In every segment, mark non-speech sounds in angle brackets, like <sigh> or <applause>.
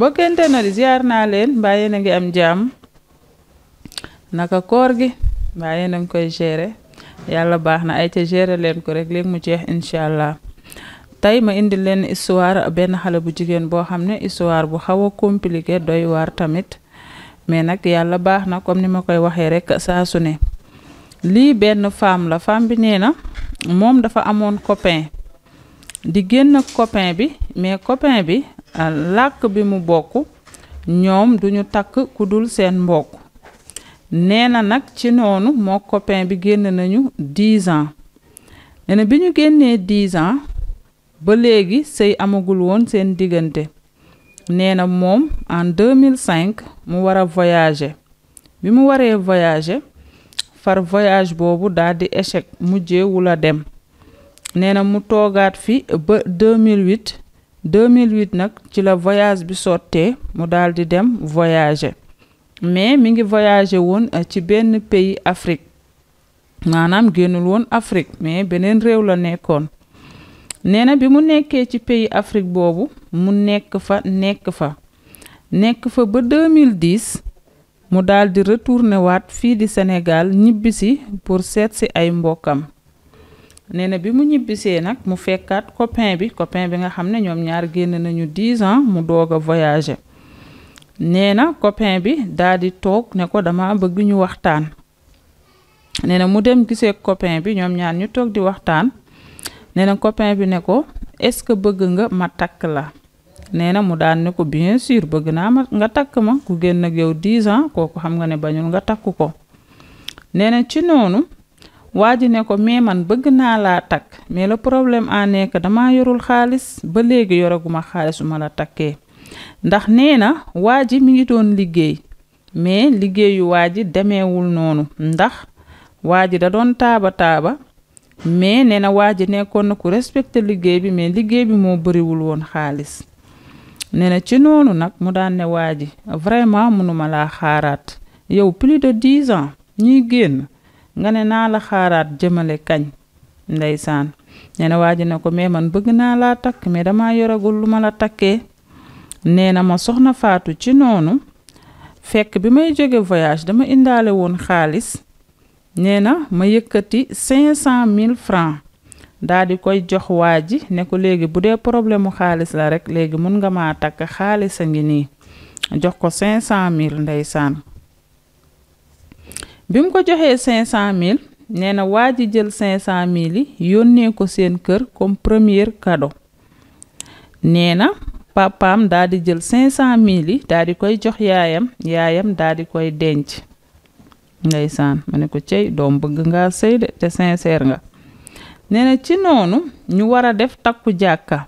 bokkente na di ziar naa leen mbaa yéen a ngi am jàmm naka koor gi mbaa yéen a ngi koy gérer yàlla baax na ay ca gérer leen ko rek léegi mu jeex incha allah tey ma indi leen histoire benn xale bu jigéen boo xam ne histoire bu xaw a compliqué doy waar tamit mais nag yàlla baax na comme ni ma koy waxee rek saasu ne lii benn femme la femme bi nee na moom dafa amoon copain di génn copain bi mais copain bi Euh, làkk bi mu bokk ñoom duñu takk ku dul seen mbokk nee na nag ci noonu moo copain bi génn nañu dix ans bi ñu génnee dix ans ba léegi sëy amagul woon seen diggante nee na moom en 2005 mu war a bi mu waree voyager far voyage boobu daldi di échec mujjee wula dem nee na mu toogaat fi ba 2008 2008 nag ci la voyage bi sottee mu daal di dem voyager mais mi ngi voyager woon euh, ci benn pays Afrique maanaam génnul woon Afrique mais beneen réew la nekkoon nee na bi mu nekkee ci pays Afrique boobu mu nekk fa nekk fa nekk fa ba 2010 mu daldi di retourné fii di senegal ñibbisi pour seet si ay mbokkam nee na bi mu ñibbisee nag mu fekkaat copain bi copain bi nga xam ne ñoom ñaar génn nañu 10 ans mu doog a voyager nee na copain bi daal di toog ne ko dama bëgg ñu waxtaan nee na mu dem gisee copain bi ñoom ñaar ñu toog di waxtaan nee na copain bi ne ko est-ce que bëgg nga ma takk la nee na mu daal ne ko bien sûr bëgg naa ma nga takk ma ku génn ak yow 10 ans kooku xam nga ne bañul nga takk ko nee ci noonu waa ji ne ko mais man bëgg naa laa takk mais la problème en est damaa yorul xaalis ba léegi yoraguma xaalis su ma la takkee ndax nee na waa ji mi ngi doon liggéey mais liggéeyu waa ji demeewul noonu ndax waa ji da doon taaba taaba mais nee na waa ji nekkoon na ku respecté liggéey bi mais liggéey bi moo bëriwul woon xaalis nee na ci noonu nag mu daan ne waa ji vraiment mënuma laa xaaraat yow plus de dix ans ñuy génn nga ne naa la xaaraat jëmale kañ ndeysaan nee waa ji ne ko mais man bëgg naa laa takk mais dama yoragul lu ma la takkee nee na ma soxna faatu ci noonu fekk bi may jóge voyage dama indaale woon xaalis nee na ma yëkkati cinq cent mille francs daa di koy jox waa ji ne ko léegi bu dee problème mu xaalis la rekk léegi mun nga maa takk xaalis a ngi nii jox ko cinq cent mille ndeysaan bi mu ko joxee cinq cent mille nee na waa ji jël cinq cent mille yi yónnee ko seen kër comme première kado nee na papaam daa di jël cinq cent mille yi daa di koy jox yaayam yaayam daa di koy denc ngay ndeysaan mu ne ko cey doom bëgg nga sëy de te sincère nga nee na ci noonu ñu war a def takku jàkka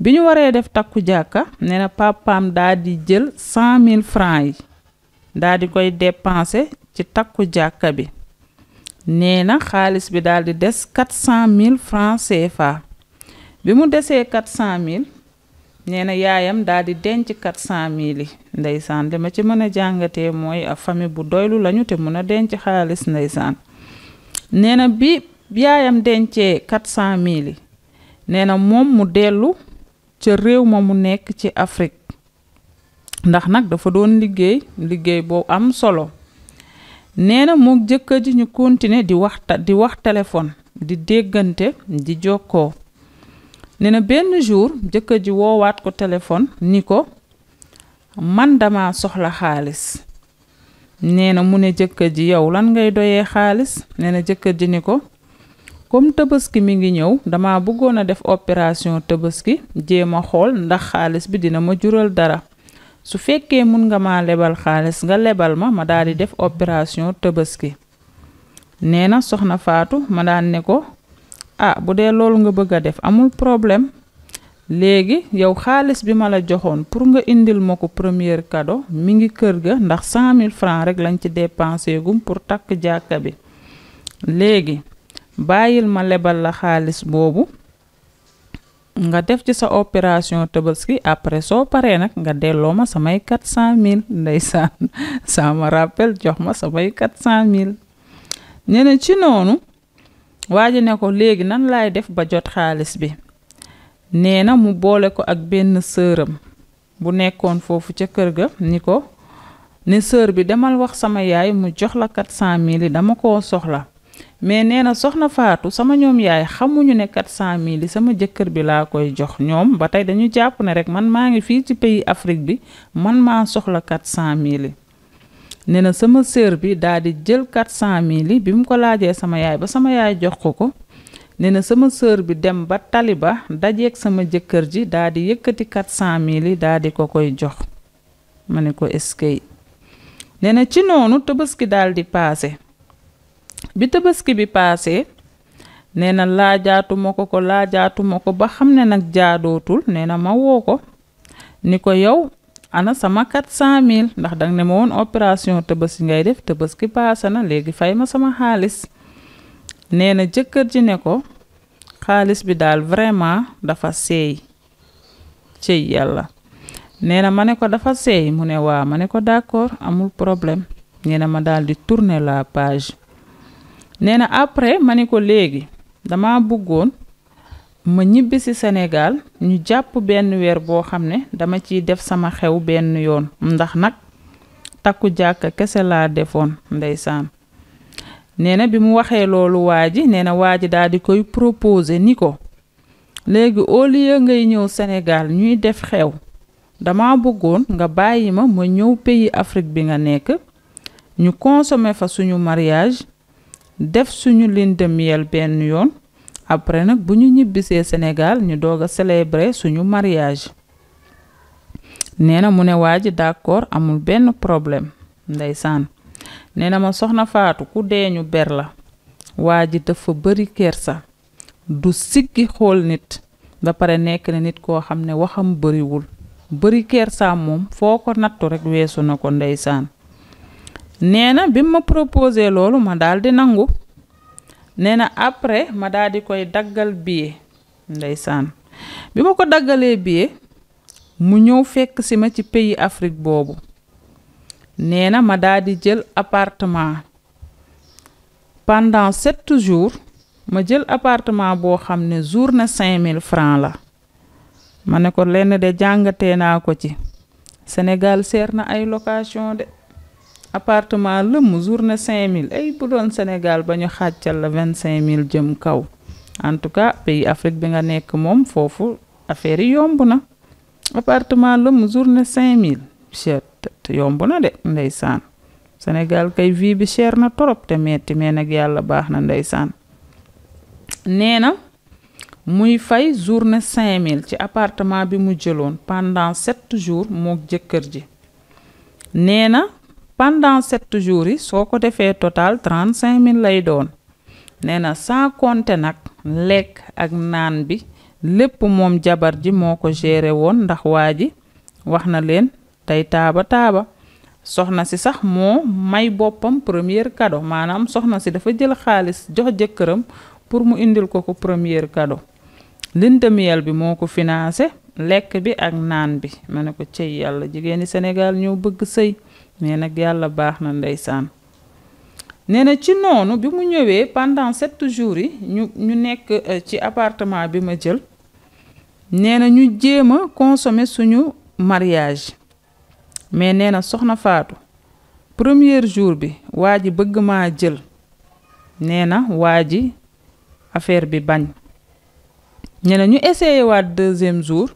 bi ñu waree def takku jàkka nee na papaam daa di jël cent mille francs yi daal di koy dépensé ci takku jàkka bi nee xaalis bi dal di des quatre cent mille francs CFA bi mu desee quatre cent mille yaayam dal di denc quatre cent mille yi ndeysaan li ma ci mën a jàngatee mooy a famille bu doylu lañu te mën a denc xaalis ndeysaan nee bi yaayam dencee quatre cent mille yi nee moom mu dellu ca réew ma mu nekk ci Afrique ndax nag dafa doon liggéey liggéey boo am solo neena na jëkkër ji ñu continuer di waxta di wax téléphone di déggante ji jokkoo nee benn jour jëkkër ji woowaat ko téléphone ni ko man dama soxla xaalis nee na mu ne jëkkër ji yow lan ngay doyee xaalis nee na jëkkër ji ni ko comme tabaski mi ngi ñëw dama bëggoon a def opération tabaski jéema xool ndax xaalis bi dina ma jural dara su fekkee mun nga ma lebal xaalis nga lebal ma ma daal di def opération tabaski nee na soxna Faatu ma daan ne ko ah bu dee loolu nga bëgg a def amul problème léegi yow xaalis bi ma la joxoon pour nga indil ma ko premier cadeau mi ngi kër ga ndax cent mille francs rek lañ ci dépensé gum pour takk jàkka bi léegi bàyyil ma lebal la xaalis boobu nga def ci sa opération tabaski après soo paree nag nga delloo ma samay quatre cent mille ndeysaan sama <laughs> rappel jox ma samay quatre cent mille ne na ci noonu waa ji ne ko léegi nan laay def ba jot xaalis bi nee na mu boole ko ak benn sëram bu nekkoon foofu ca kër ga ni ko ne sër bi demal wax sama yaay mu jox la quatre cent mille yi dama koo soxla mais nee na soxna Faatu sama ñoom yaay xamuñu ne 400000 li sama jëkkër bi laa koy jox ñoom ba tey dañu jàpp ne rek man maa ngi fii ci pays Afrique bi man maa soxla 400000 li nee na sama sœur bi daal di jël 400000 li bi mu ko laajee sama yaay ba sama yaay jox ko ko nee na sama sœur bi dem ba taliba dajeeg sama jëkkër ji daal di yëkkati 400000 li daal di ko koy jox ma ne ko eskay nee na ci noonu tabaski daal di paase. bi tabaski bi paase nee na laajaatuma ko ko laajaatuma ko ba xam ne nag jaadootul nee na ma woo ko ni ko yow ana sama 400000 ndax danga ne ma woon opération tabaski ngay def tabaski paase na léegi fay ma sama xaalis nee na jëkkër ji ne ko xaalis bi daal vraiment dafa seey cëy yàlla nee na ma ne ko dafa seey mu ne waa ma ne ko d'accord amul problème nee ma daal di tourner la page nee na après ma ni ko léegi dama bëggoon ma ñibbisi senegal ñu jàpp benn weer boo xam ne dama ciy def sama xew benn yoon ndax nag takku jàkka kese laa defoon ndeysaan nee na bi mu waxee loolu waa ji nee na waa ji daal di koy proposé ni ko léegi au lieu ngay ñëw Sénégal ñuy def xew dama bëggoon nga bàyyi ma ma ñëw pays Afrique bi nga nekk ñu consommer fa suñu mariage def suñu lune de benn yoon après nag bu ñu ñibbisee Sénégal ñu doog a célébrer suñu mariage nee na mu ne waa ji d'accord amul benn problème ndeysaan nee na ma soxna Faatu ku dee ñu ber la waa ji dafa bari kersa du siggi xool nit ba pare nekk na nit koo xam ne waxam bariwul bari kersaam moom foo ko nattu rekk weesu na ko ndeysaan nee na bi ma proposé loolu ma daal di nangu nee na après ma daal koy daggal billet ndeysaan bi ma ko daggalee billet mu ñëw fekk si ma ci pays Afrique boobu nee na ma daal jël appartement pendant sept jours ma jël apartement boo xam ne journée cinq mille francs la ma ne ko lenn de jàngate naa ko ci Sénégal seer na ay location de appartement lëmm journée 5000 ay bu doon Sénégal ba ñu xàccal la 25000 jëm kaw en tout cas pays Afrique bi nga nekk moom foofu affaire yomb na appartement lëmm journée 5000 cher yomb na de ndeysaan Sénégal kay vie bi cher na torop te metti mais nag yàlla baax na ndeysaan nee na muy fay journée mille ci appartement bi mu jëloon pendant sept jours mook jëkkër ji nee pendant sept jours yi soo ko defee total trente cinq mille lay doon nee na sans nag lekk ak naan bi lépp moom jabar ji moo ko géré woon ndax waa ji wax na leen tey taaba taaba soxna si sax moo may boppam premier kado maanaam soxna si dafa jël xaalis jox jëkkëram pour mu indil ko ko premier cadeau lune bi moo ko financé lekk bi ak naan bi ma ne ko cey yàlla jigéeni Sénégal ñoo bëgg sëy mais nag yàlla baax na ndeysaan nee na ci noonu bi mu ñëwee pendant sept jours yi ñu ñu nekk euh, ci apartement bi ma jël nee na ñu jéem a consommer suñu mariage mais nee na soxna Faatu première jour bi waa ji bëgg maa jël nee na waa ji affaire bi bañ nee na ñu essayé waat deuxième jour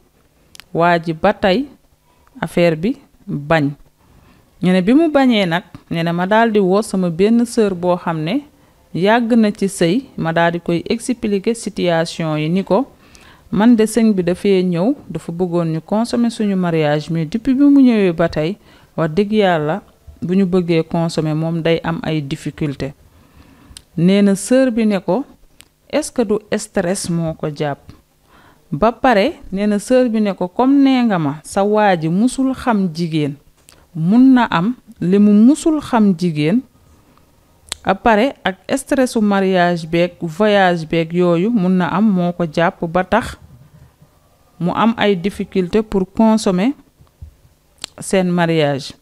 waa ji ba tey affaire bi bañ ñu ne bi mu bañee nag ñu ne ma daal di woo sama benn sœur boo xam ne yàgg na ci sëy ma daal di koy expliquer situation yi ni ko man de sëñ bi dafee ñëw dafa bëggoon ñu consommer suñu mariage mais depuis bi mu ñëwee ba tey wax dëgg yàlla bu ñu bëggee consommer moom day am ay difficulté nee na sœur bi ne ko est-ce que du stress moo ko jàpp ba pare nee na sœur bi ne ko comme nee nga ma sa waa ji mosul xam jigéen mun na am li mu musul xam jigéen a pare ak stressu mariage beeg voyage beeg yooyu mun na am moo ko jàpp ba tax mu am ay difficulté pour consommer seen mariage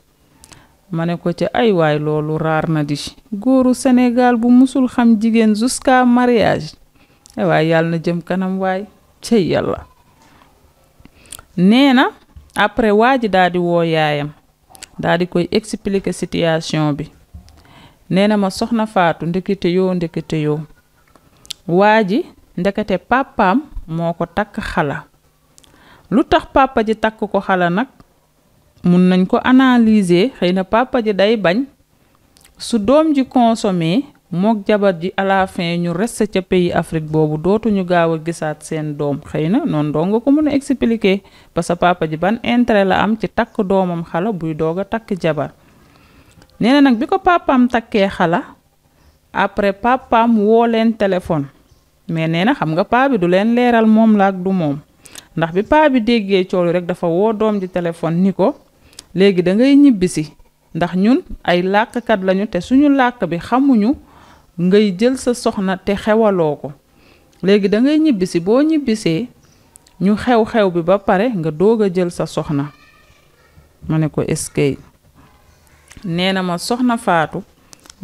ma ne ko ci ay waay loolu raar na di góoru Sénégal bu mësul xam jigéen jusqu'à mariage ay waay yàlla na jëm kanam waay cey yàlla nee na après waa ji daal di woo yaayam daal di koy expliquer situation bi nee na ma soxna faatu ndekete yoo ndekete yoo waa ji ndekete papaam moo ko takk xala lu tax papa ji takk ko xala nag mun nañ ko analyser xëy na papa ji day bañ su doom ji consommé mook jabar ji à la fin ñu reste ca pays Afrique boobu dootuñu gaaw a gisaat seen doom xëy na noon doo nga ko mën a expliquer ba sa papa ji ban intérêt la am ci takk doomam xala buy doog a takk jabar nee na nag bi ko papaam takkee xala après papaam woo leen téléphone mais nee na xam nga paa bi du leen leeral moom la ak du moom ndax bi paa bi déggee coolu rek dafa woo doom ji téléphone ni ko léegi da ngay ñibbisi ndax ñun ay làkkat lañu te suñu làkk bi xamuñu ngay jël sa soxna te xewaloo ko léegi dangay ñibbisi boo ñibbisee ñu xew-xew bi ba pare nga doog a jël sa soxna ma ne ko eskay nee na ma soxna faatu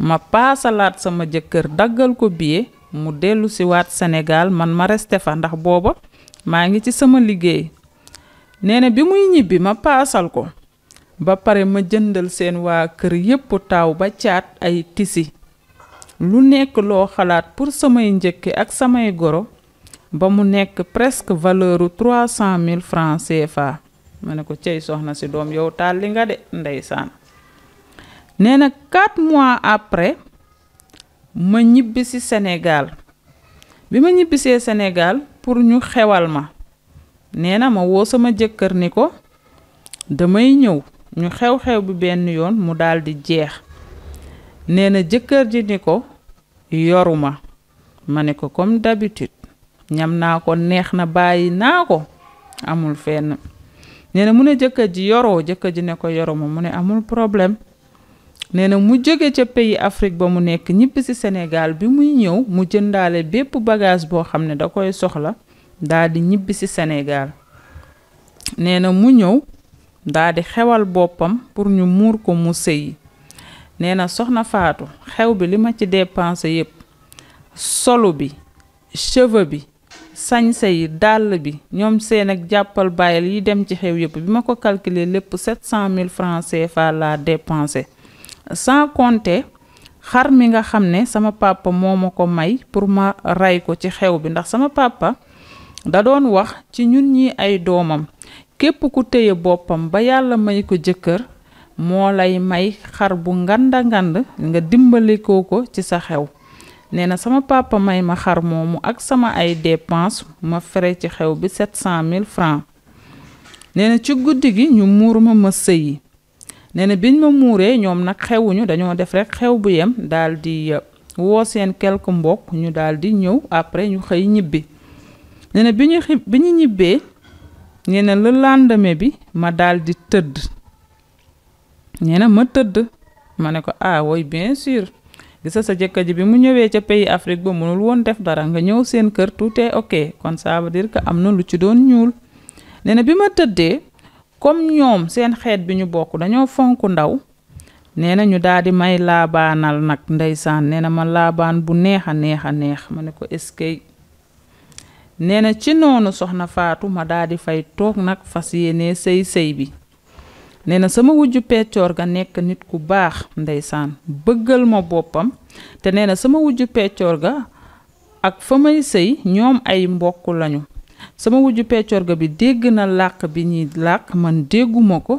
ma paasalaat sama jëkkër daggal ko billet mu dellu si waat Sénégal man ma reste fa ndax booba maa ngi ci sama liggéey nee na bi muy ñibbi ma paasal ko ba pare ma jëndal seen waa kër yépp taaw ba caat ay tisi lu nekk loo xalaat pour samay njëkk ak samay goro ba mu nekk presque valeuru trois cent mille francs CFA ma ne ko cey soxna si doom yow taal li nga de ndeysaan nee na quatre mois après ma ñibbi senegal bi ma ñibbisee senegal pour ñu xewal ma nee na ma woo sama jëkkër ni ko damay ñëw ñu xew-xew bi benn yoon mu daldi jeex nee na jëkkër ji ni ko yoruma ma ne ko comme d'habitude ñam naa ko neex na bàyyi naa ko amul fenn nee na mu ne jëkkër ji yoroo jëkkër ji ne ko yoruma mu ne amul problème nee na mu jóge ca pays Afrique ba mu nekk ñibbi ci Sénégal bi muy ñëw mu jëndaale bépp bagage boo xam ne da koy soxla daldi ñibbi ci Sénégal nee na mu ñëw daal xewal boppam pour ñu muur ko mu sëyi nee na soxna faatu xew bi li ma ci dépensé yépp solu bi cheveux bi sañse yi dàll bi ñoom seen ak jàppal bàyyil yi dem ci xew yépp bi ma ko calculer lépp 700000 francs CFA laa dépensé sans compter xar mi nga xam ne sama papa moo ma ko may pour ma ray ko ci xew bi ndax sama papa da doon wax ci ñun ñi ay doomam képp ku téye boppam ba yàlla may ko jëkkër moo lay may xar bu nganda ngand nga dimbalikoo ko ci sa xew nee na sama papa may ma xar moomu ak sama ay dépense ma fere ci xew bi 700000 francs nee na ci guddi gi ñu muur ma ma sëyi nee na biñ ma muuree ñoom nag xewuñu dañoo def rekk xew bu yem daal di euh, woo seen quelque mbokk ñu daal di ñëw après ñu xëy ñibbi nee bi ñu bi ñu ñibbee nee na le bi ma daal di tëdd nee ma tëdd ma ne ko ah woy bien sûr gisa sa jëkkër ji bi mu ñëwee ca pays Afrique ba mënul woon def dara nga ñëw seen kër tout est ok kon ça veut dire am na lu ci doon ñuul nee na bi ma tëddee comme ñoom seen xeet bi ñu bokk dañoo fonk ndaw nee na ñu daal may laabaanal nag ndeysaan nee na ma laabaan bu neex a neex a neex ma ne ko est-ce que nee na ci noonu soxna Faatu ma daal di fay toog nag fas yéene sëy sëy bi nee na sama wujju peccoor ga nekk nit ku baax ndeysaan bëggal ma boppam te nee na sama wujju peccoor ga ak fa may sëy ñoom ay mbokk lañu sama wujju peccoor ga bi dégg na làkk bi ñuy làkk man dégguma ko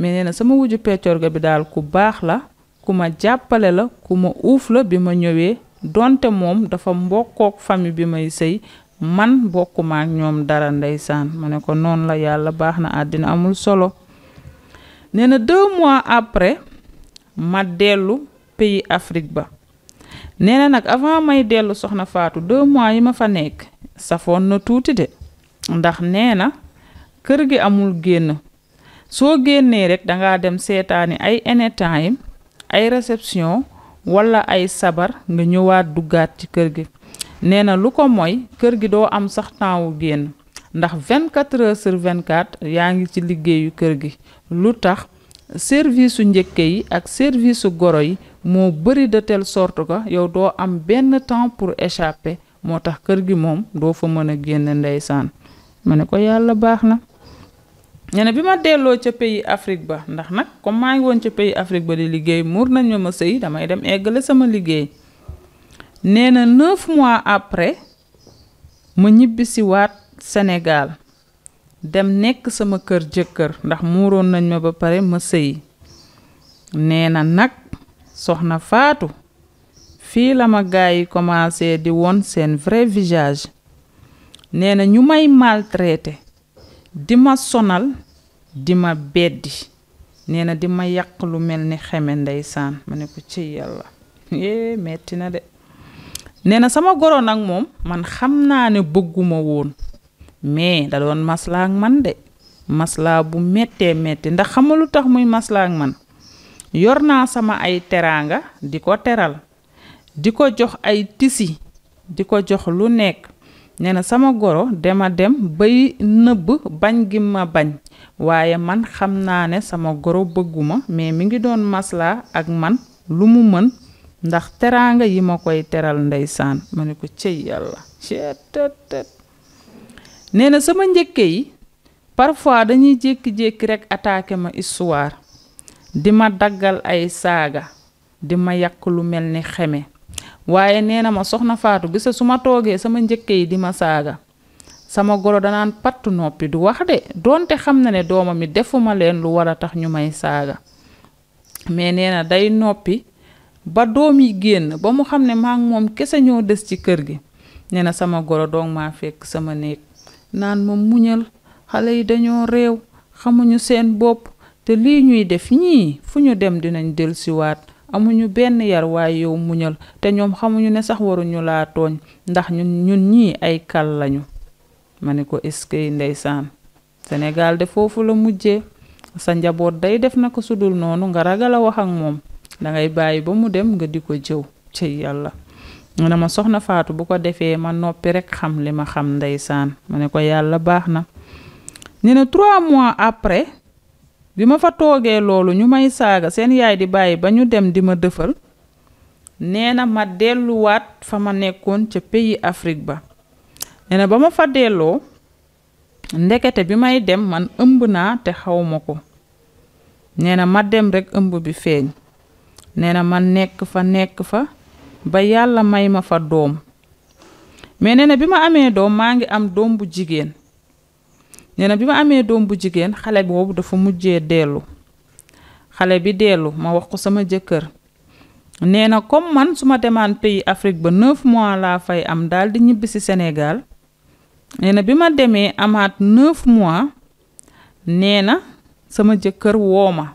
mais nee na sama wujju peccoor ga bi daal ku baax la ku ma jàppale la ku ma uuf la bi ma ñëwee donte moom dafa mbokkook famille bi may sëy man bokkuma ak ñoom dara ndeysaan ma ne ko noonu la yàlla baax na àddina amul solo nee na deux mois après ma dellu pays Afrique ba nee na nag avant may dellu soxna Faatu deux mois yi ma fa nekk safoon na tuuti de ndax nee na kër gi amul génn soo génnee rek dangaa dem seetaani ay anytime ay réception walla ay sabar nga ñëwaat duggaat ci kër gi nee na lu ko moy kër gi doo am sax temps wu génn ndax vingt 24 heures sur 24 yaa ngi ci liggéeyu kër gi lu tax service su njëkke yi ak service su goro yi moo bëri de telle sorte que yow doo am benn temps pour échapper moo tax kër gi moom doo fa mën a génn ndeysaan ma ne ko yàlla baax na. ñene bi ma delloo ca pays Afrique ba ndax nag comme maa ngi woon ca pays Afrique ba di liggéey muur nañ ma ma sëy damay dem eggale sama liggéey nee na 9 mois après ma ñibbisiwaat. Sénégal dem nekk sama kër jëkkër ndax muuroon nañu ma ba pare ma sëyi nee na nag soxna Faatu fii la ma gaay yi commencé di woon seen vrai visage nee na ñu may maltraité di ma sonal di ma beddi nee na di ma yàq lu mel ni xeme ndeysaan ma ne ko ci yàlla <laughs> metti na de nee na sama goro nag moom man xam naa ne bëgguma woon mais da doon maslaa ak man de maslaa bu méttee métti ndax xamalu tax muy maslaa ak man yor naa sama ay teraanga di ko teral di ko jox ay tisi di ko jox lu nekk ne na sama goro dema dem bay nëbb bañ gi ma bañ waaye man xam naa ne sama goro bëgguma mais mi ngi doon maslaa ak man lu mu mën ndax teraanga yi ma koy teral ndeysaan ma ne ko cëy yàlla nee na sama njëkke yi parfois dañuy jékki-jékki rekk attaqué ma histoire di ma daggal ay saaga di ma yàq lu mel ni xeme waaye nee na ma soxna Faatu gisa su ma toogee sama njëkke yi di ma saaga sama goro danaan pattu noppi du wax de donte xam na ne doomam mi defuma leen lu war a tax ñu may saaga mais nee na day noppi ba doom yi génn ba mu xam ne maa moom kese ñoo des ci kër gi nee na sama goro doog maa fekk sama néeg naan ma muñal xale yi dañoo réew xamuñu seen bopp te lii ñuy def ñii fu ñu dem dinañ dellusiwaat amuñu benn yar waaye yow muñal te ñoom xamuñu ne sax waruñu laa tooñ ndax ñun ñun ñii ay kal lañu ma ni ko eskay ndeysaan senegal de foofu la mujje sa njaboot day def na ko sudul noonu nga ragal a wax ak moom dangay bàyyi ba mu dem nga di ko jëw ci yàlla mu ne ma soxna faatu bu ko defee ma noppi rekk xam li ma xam ndeysaan ma ne ko yàlla baax na ñu ne trois mois après bi ma fa toogee loolu ñu may saaga seen yaay di bàyyi ba ñu dem di ma dëfal nee na ma delluwaat fa ma nekkoon ca pays afrig ba nee na ba ma fa delloo ndekete bi may dem man ëmb naa te xawma ko nee na ma dem rekk ëmb bi feeñ nee na ma nekk fa nekk fa ba yàlla may ma fa doom mais nee na bi ma amee doom maa ngi am doom bu jigéen nee na bi ma amee doom bu jigéen xale boobu dafa mujjee dellu xale bi dellu ma wax ko sama jëkkër nee na comme man su ma demaan pays Afrique ba neuf mois laa fay am daal di ñibbi si nee na bi ma demee amaat neuf mois nee na sama jëkkër woo ma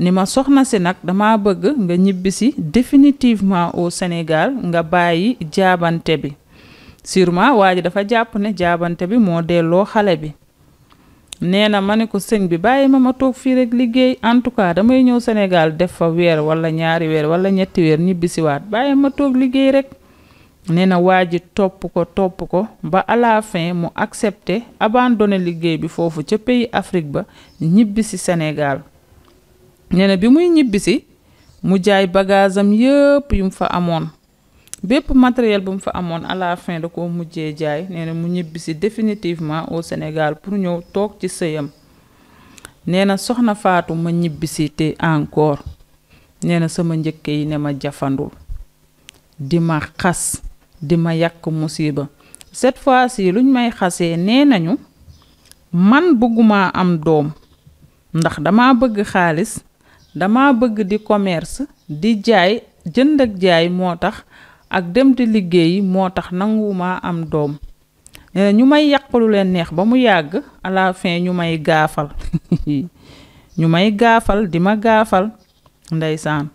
ni ma soxna si nag dama bëgg nga ñibbisi définitivement au senegal nga bàyyi jaabante bi sûrement waa ji dafa jàpp ne jaabante bi moo delloo xale bi nee na ma ne ko sëñ bi bàyyi ma ma toog fii rek liggéey en tout cas damay ñëw senegal def fa weer wala ñaari weer wala ñetti weer ñibbisiwaat bàyyi ma toog liggéey rek nee na waa ji topp ko topp ko ba à mu accepté abandonné liggéey bi foofu ca pays Afrique ba ñibbisi Sénégal nee bi muy ñibbisi mu jaay bagaasam yëpp yu mu fa amoon bépp matériel bum fa amoon à la fin da ko mujjee jaay nee na mu ñibbisi définitivement au Sénégal pour ñëw toog ci sëyam nee na soxna Faatu ma ñibbisi te encore nee na sama njëkk yi ne ma jafandul di ma xas di ma yàq musiba set fois-ci luñ may xasee nee nañu man bëgguma am doom ndax dama bëgg xaalis dama bëgg di commerce di jaay jënd ak jaay moo tax ak dem di liggéeyi moo tax nanguwuma am doom nee eh, ñu may yàqalu leen neex ba mu yàgg à fin ñu may gaafal <laughs> ñu may gaafal di ma gaafal ndeysaan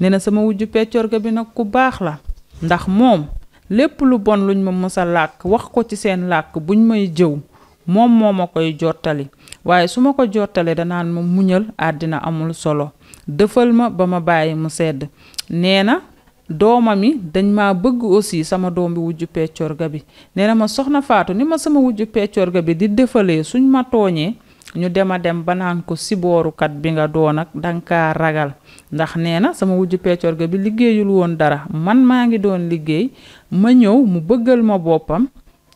nee na sama wujju peccorga bi nag ku baax la ndax moom lépp lu bon luñ ma mësa a làkk wax ko ci seen làkk buñ may jëw moom moo ma koy jottali waaye su ma ko jottalee danaan ma muñal àddina amul solo dëfal ma ba ma bàyyi mu sedd nee na doomam yi dañ ma bëgg aussi sama doom bi wujju ga bi nee na ma soxna faatu ni ma sama wujju ga bi di defalee suñ ma tooñee ñu dema dem ba naan ko siboorukat bi nga doon ak danga kaa ragal ndax nee na sama wujju ga bi liggéeyul woon dara man maa ngi doon liggéey ma ñëw mu bëggal ma boppam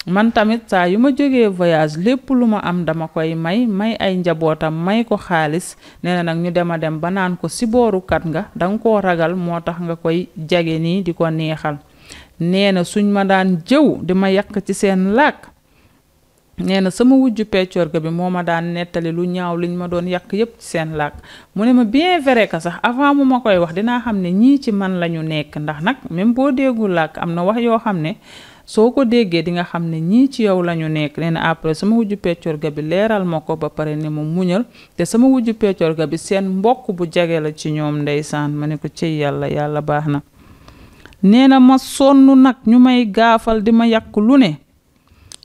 man tamit saa yu ma jógee voyage lépp lu ma am dama koy may may ay njabootam may ko xaalis nee na nag ñu dem a dem ba naan ko si boorukat nga danga koo ragal moo tax nga koy jage nii di ko neexal nee na suñ ma daan jëw di ma yàq ci seen làkk nee na sama wujju peccoor ga bi moo ma daan nettali lu ñaaw liñ ma doon yàq yépp ci seen làkk mu ne ma bien vere que sax avant mu ma koy wax dinaa xam ne ñii ci man lañu nekk ndax nag même boo déggul làkk am na wax yoo xam ne soo ko déggee di nga xam ne ñii ci yow lañu nekk nee na après sama wujju peccorga bi leeral ma ko ba pare ne ma muñal te sama wujju ga bi seen mbokk bu jege la ci ñoom ndeysaan ma ne ko cëy yàlla yàlla baax na nee na ma sonn nag ñu may gaafal di ma yàq lu ne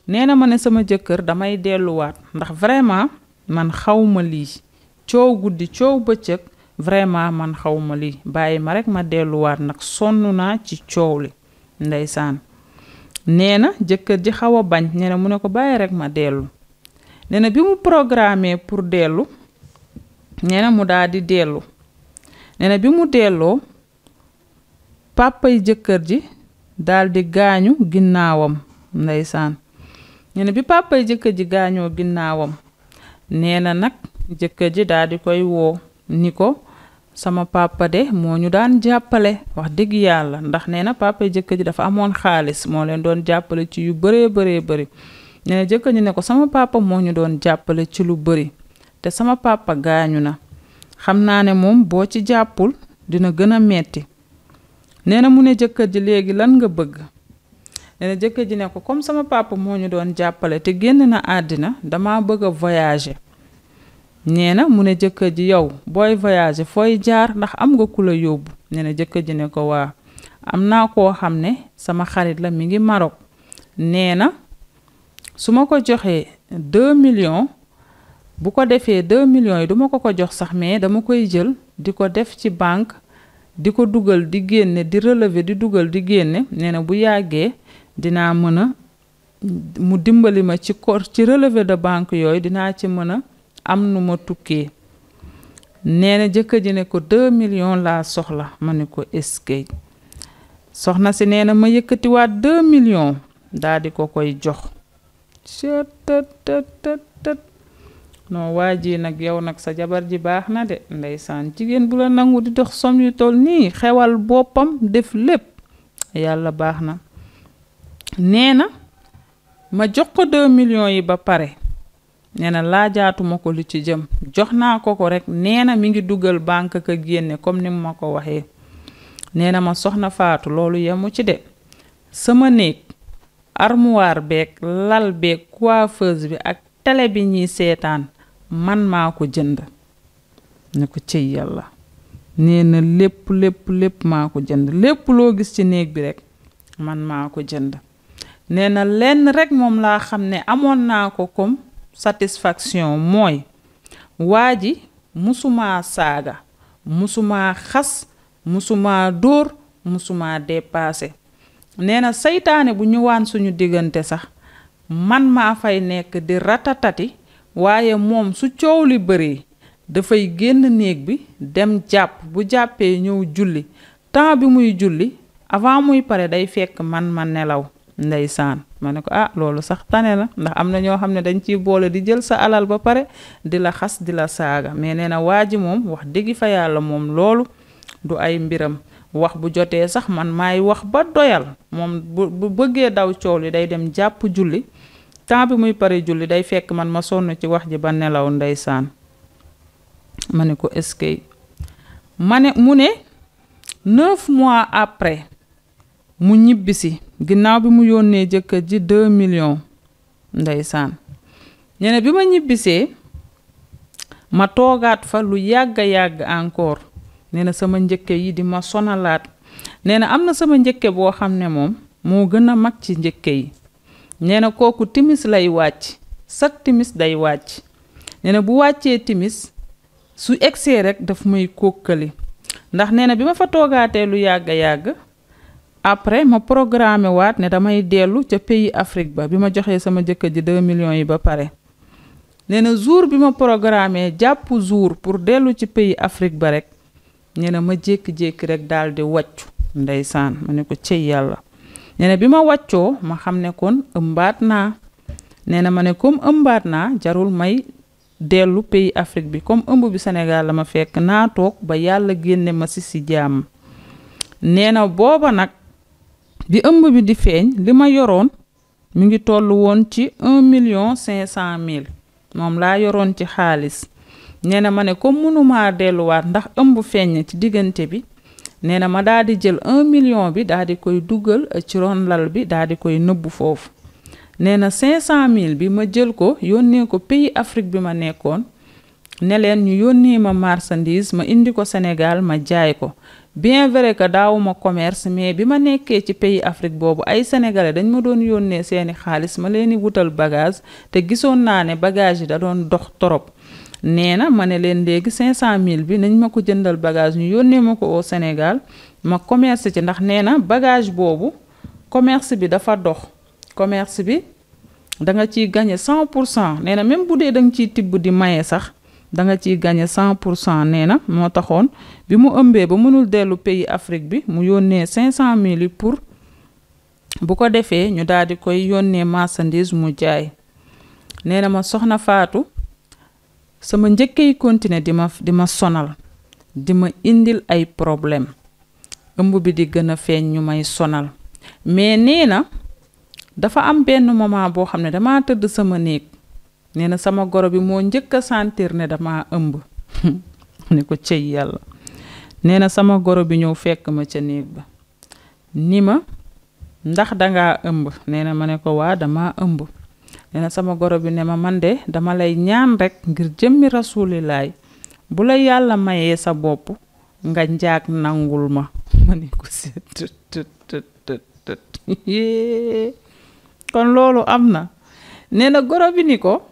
nee na ma ne sama jëkkër damay delluwaat ndax vraiment man xaw ma lii coow guddi coow bëccëg vraiment man xaw ma lii bàyyi ma rekk ma delluwaat nag sonn naa ci coow li ndeysaan nee na jëkkër ji xaw a bañ nee mu ne ko bàyyi rekk ma dellu nee bi mu programmé pour dellu nee na mu daal dellu nee bi mu delloo pàppay jëkkër ji daldi gaañu ginnaawam ndeysaan nee bi pàppay jëkkër ji gaañoo ginnaawam nee na nag jëkkër ji daldi di koy woo ni ko sama papa de moo ñu daan jàppale wax dëgg yàlla ndax nee na papa jëkkër ji dafa amoon xaalis moo leen doon jàppale ci yu bëree bëree bëri nee na jëkkër ji ne ko sama papa moo ñu doon jàppale ci lu bëri te sama pàppa gaañu na xam naa ne moom boo ci jàppul dina gën a metti nee na mu ne jëkkër ji léegi lan nga bëgg nee na jëkkër ji ne ko comme sama papa moo ñu doon jàppale te génn na àddina dama bëgg a nee na mu ne jëkkër ji yow booy voyager fooy jaar ndax am nga ku la yóbbu nee jëkkër ji ne ko waa am naa koo xam ne sama xarit la mi ngi marok nee na su ma ko joxee deux million bu ko defee deux millions yi duma ko ko jox sax mais dama koy jël di ko def ci banque di ko dugal di génne di relever di dugal di génne nee na bu yàggee dinaa mën a mu dimbali ma ci kor ci relever de banque yooyu dinaa ci mën a am nu ma tukkee nee na jëkkër ji ne ko deux millions laa soxla ma ne ko eskay soxna si nee na ma yëkkatiwaat deux millions daa di ko koy jox cëtëtëtëtët non waa ji nag yow nag sa jabar ji baax na de ndeysaan jigéen bu la nangu di dox som yu toll nii xewal boppam def lépp yàlla baax na nee na ma jox ko deux million yi ba pare nee na laajaatuma ko lu ci jëm jox naa ko ko rek nee na mi ngi dugal banque ka génne comme ni ma ko waxee nee na ma soxna faatu loolu yemu ci de sama néeg armoire beeg lal beek coiffeuse bi ak tele bi ñuy seetaan man maa ko jënd ne ko cëy yàlla nee maa ko jënd lépp loo gis ci néeg bi rek man maa ko jënd nee na lenn rek moom laa xam ne amoon naa ko comme satisfaction mooy waa ji musumaa saaga musumaa xas mësumaa dóor mësumaa depaase nee na seytaane bu ñëwaan suñu diggante sax man maa fay nekk di ratatati waaye moom su coow li bëree dafay génn néeg bi dem jàpp bu jàppee ñëw julli temps bi muy julli avant muy pare day fekk man ma nelaw ndeysaan ma ne ko ah loolu sax tane la ndax am na ñoo xam ne dañ ciy boole di jël sa alal ba pare di la xas di la saaga mais nee na waa ji moom wax dëgg fa yàlla moom loolu du ay mbiram wax bu jotee sax man maay wax ba doyal moom bu bëggee daw coow li day dem jàpp julli temps bi muy pare julli day fekk man ma sonn ci wax ji ba nelaw ndeysaan ma ne ko est-ce ma ne mu ne neuf mois après mu ñibbisi ginnaaw bi mu yónnee jëkkër ji deux million ndeysaan ñu bi ma ñibbisee ma toogaat fa lu yàgg a yàgg encore nee na sama njëkke yi di ma sonalaat nee na am na sama njëkke boo xam ne moom moo gën a mag ci njëkke yi nee kooku timis lay wàcc sag timis day wàcc nee bu wàccee timis su egsee rekk dafa may kókkali ndax nee na bi ma fa toogaatee lu yàgg a yàgg après ma programmé waat ne damay dellu ca pays Afrique ba bi ma joxee sama jëkkër ji 2 million yi ba pare nee na jour bi ma programmé jàpp jour pour dellu ci pays Afrique ba rek nee na ma jékki-jékki rek daal di ndeysaan ma ne ko cëy yàlla bi ma wàccoo ma xam ne kon ëmbaat naa nee na ma ne comme ëmbaat jarul may dellu pays Afrique bi comme ëmb bi senegal la ma fekk naa toog ba yàlla génne ma si si jàmm nee booba nag bi ëmb bi di feeñ li ma yoroon mu ngi toll woon ci un million cinq cent mille moom laa yoroon ci xaalis nee ma ne ko mënumaa delluwaat ndax ëmb feeñ ci diggante bi nee na ma daal di jël un million bi daal di koy dugal ci ron lal bi daal di koy nëbbu foofu nee na cinq cent mille bi ma jël ko yónnee ko pays Afrique bi ma nekkoon ne leen ñu yónnee ma marsandiis ma indi ko Sénégal ma jaay ko bien vrai que daawuma commerce mais bi ma nekkee ci pays Afrique boobu ay sénégalais dañ ma doon yónnee seeni xaalis ma leen di wutal bagage te gisoon naa ne bagage yi da dox torop nee na ma ne leen léegi 500000 bi nañ ma ko jëndal bagage ñu yónnee ma ko au Sénégal ma commerce ci ndax nee na bagage boobu commerce bi dafa dox commerce bi da nga ciy gagné 100 pour cent nee na même bu dee da nga ciy tibb di maye sax. da nga ciy gagné cent pour cent nee na moo taxoon bi mu ëmbee ba mënul dellu pays Afrique bi mu yónnee cinq cent mille pour bu ko defee ñu daal di koy yónnee marchandise mu jaay nee na ma soxna Faatu sama njëkkey continuer di ma di ma sonal di ma indil ay problème ëmb bi di gën a feeñ ñu may sonal mais nee na dafa am benn moment boo xam ne dama tëdd sama néeg nee na sama goro bi moo njëkk a sentir ne dama ëmb <laughs> ne ko cëy yàlla nee na sama goro bi ñëw fekk ma ca néeg ba ni ma ndax dangaa ëmb nee na ma ne ko waa dama ëmb nee sama goro bi ne ma man de dama lay ñaan rekk ngir jëmmi rasuulilaay bu la yàlla mayee sa bopp nga njaag nangul ma <laughs> ma ne ko si <laughs> kon loolu am na nee goro bi ni ko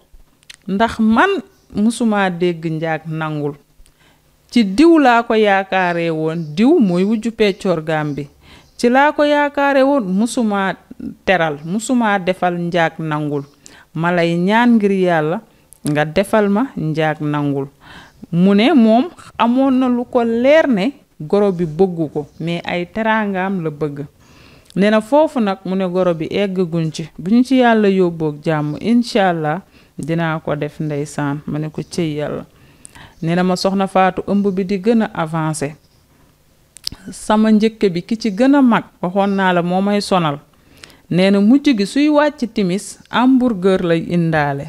ndax man mësumaa dégg njaag nangul ci diw laa ko yaakaare woon diw mooy wujju peccoor gaam bi ci laa ko yaakaare woon mësuma teral mësumaa defal njaag nangul ma lay ñaan ngir yàlla nga defal ma njaag nangul mu ne moom amoon na lu ko leer ne goro bi bëggu ko mais ay teraangam la bëgg ne foofu nag mu ne goro bi eggaguñ ci bu ñu ci yàlla yóbbook jàmm incha allah dinaa ko def ndeysaan ma ne ko cëy yàlla nee na ma soxna faatu ëmb bi di gën a avancé sama njëkk bi ki ci gën a mag waxoon naa la moo may sonal nee na mujj gi suy wàcc timis hamburger lay indaale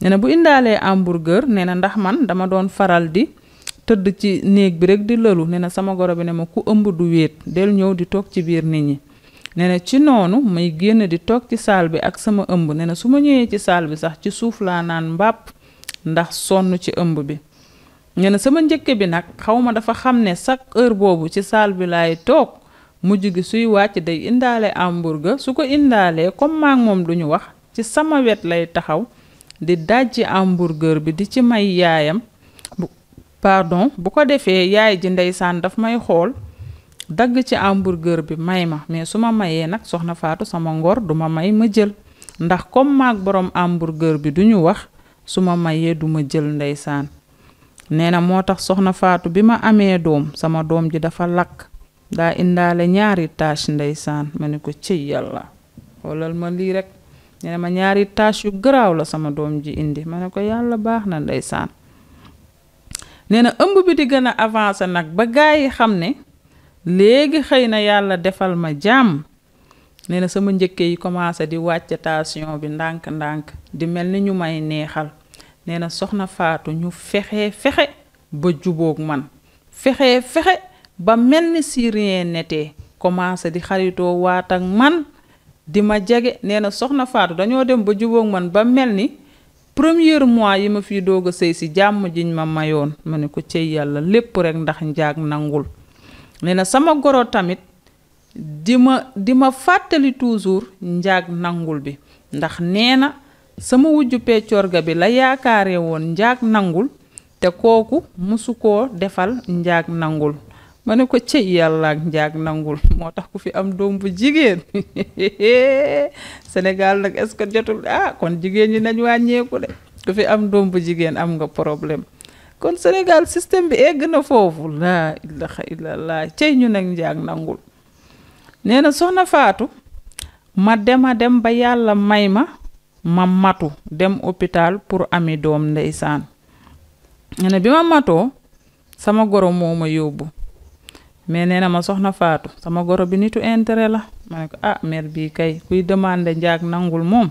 nena bu indaalee hamburger nee na ndax man dama doon faral di tëdd ci néeg bi rekk di lëlu nee na sama goro bi ne ma ku ëmb du wéet del ñëw di toog ci biir nit ñi nee na ci noonu may génn di toog ci saal bi ak sama ëmb nee na su ma ñëwee ci saal bi sax ci suuf laa naan mbàpp ndax sonn ci ëmb bi nee na sama njëkk bi nag xaw ma dafa xam ne chaque heure boobu ci saal bi laay toog mujj gi suy wàcc day indaale hamburger su ko indaalee comme maak moom duñu wax ci sama wet lay taxaw di dajji hamburger bi di ci may yaayam pardon bu ko defee yaay ji ndeysaan dafa may xool dagg ci hamburger bi may ma mais su ma mayee nag soxna Faatu sama ngor du ma may ma jël ndax comme maag borom hamburger bi duñu wax su ma mayee du ma jël ndeysaan nee na moo tax soxna Faatu bi ma amee doom sama doom ji dafa lakk daa indaale ñaari tâche ndeysaan ma ne ko ci yàlla xoolal ma lii rek nee ma ñaari tâche yu garaaw la sama doom ji indi ma ne ko yàlla baax na ndeysaan nee ëmb bi di gën a nag ba gaa xam ne léegi xëy na yàlla defal ma jàmm nee na sama njëkkee yi commencé di wàcc tension bi ndànk-ndànk di mel ni ñu may neexal nee na soxna faatu ñu fexe fexe ba jubook man fexe fexe ba mel ni si nete n'était commencé di xaritoo waat ak man di ma jege nee na soxna faatu dañoo dem ba jubook man ba mel ni premier mois yi ma fi doog a sëy si jàmm jiñ ma mayoon ma ne ko cëy yàlla lépp rekk ndax njaag nangul nee na sama goro tamit di ma di ma fàttali toujours njaag nangul bi ndax nee na sama wujju peccorga bi la yaakaare woon njaag nangul te kooku mësu koo defal njaag nangul ma ne ko cëy yàlla ak njaag nangul <laughs> moo tax ku fi am doom bu jigéen <laughs> Sénégal nag est-ce que jotul ah kon jigéen ñi nañ wàññeeku de ku fi am doom bu jigéen am nga problème kon Sénégal système bi egg na foofu laa ilaha illallah cey ñu nag njaag nangul nee na soxna Faatu ma dema dem ba yàlla may ma ma matu dem hôpital pour ami doom ndeysaan nee na bi ma matoo sama goro moo ma yóbbu mais nee na ma soxna Faatu sama goro bi nitu intérêt la ma ne ko ah mère bii kay kuy demande njaag nangul moom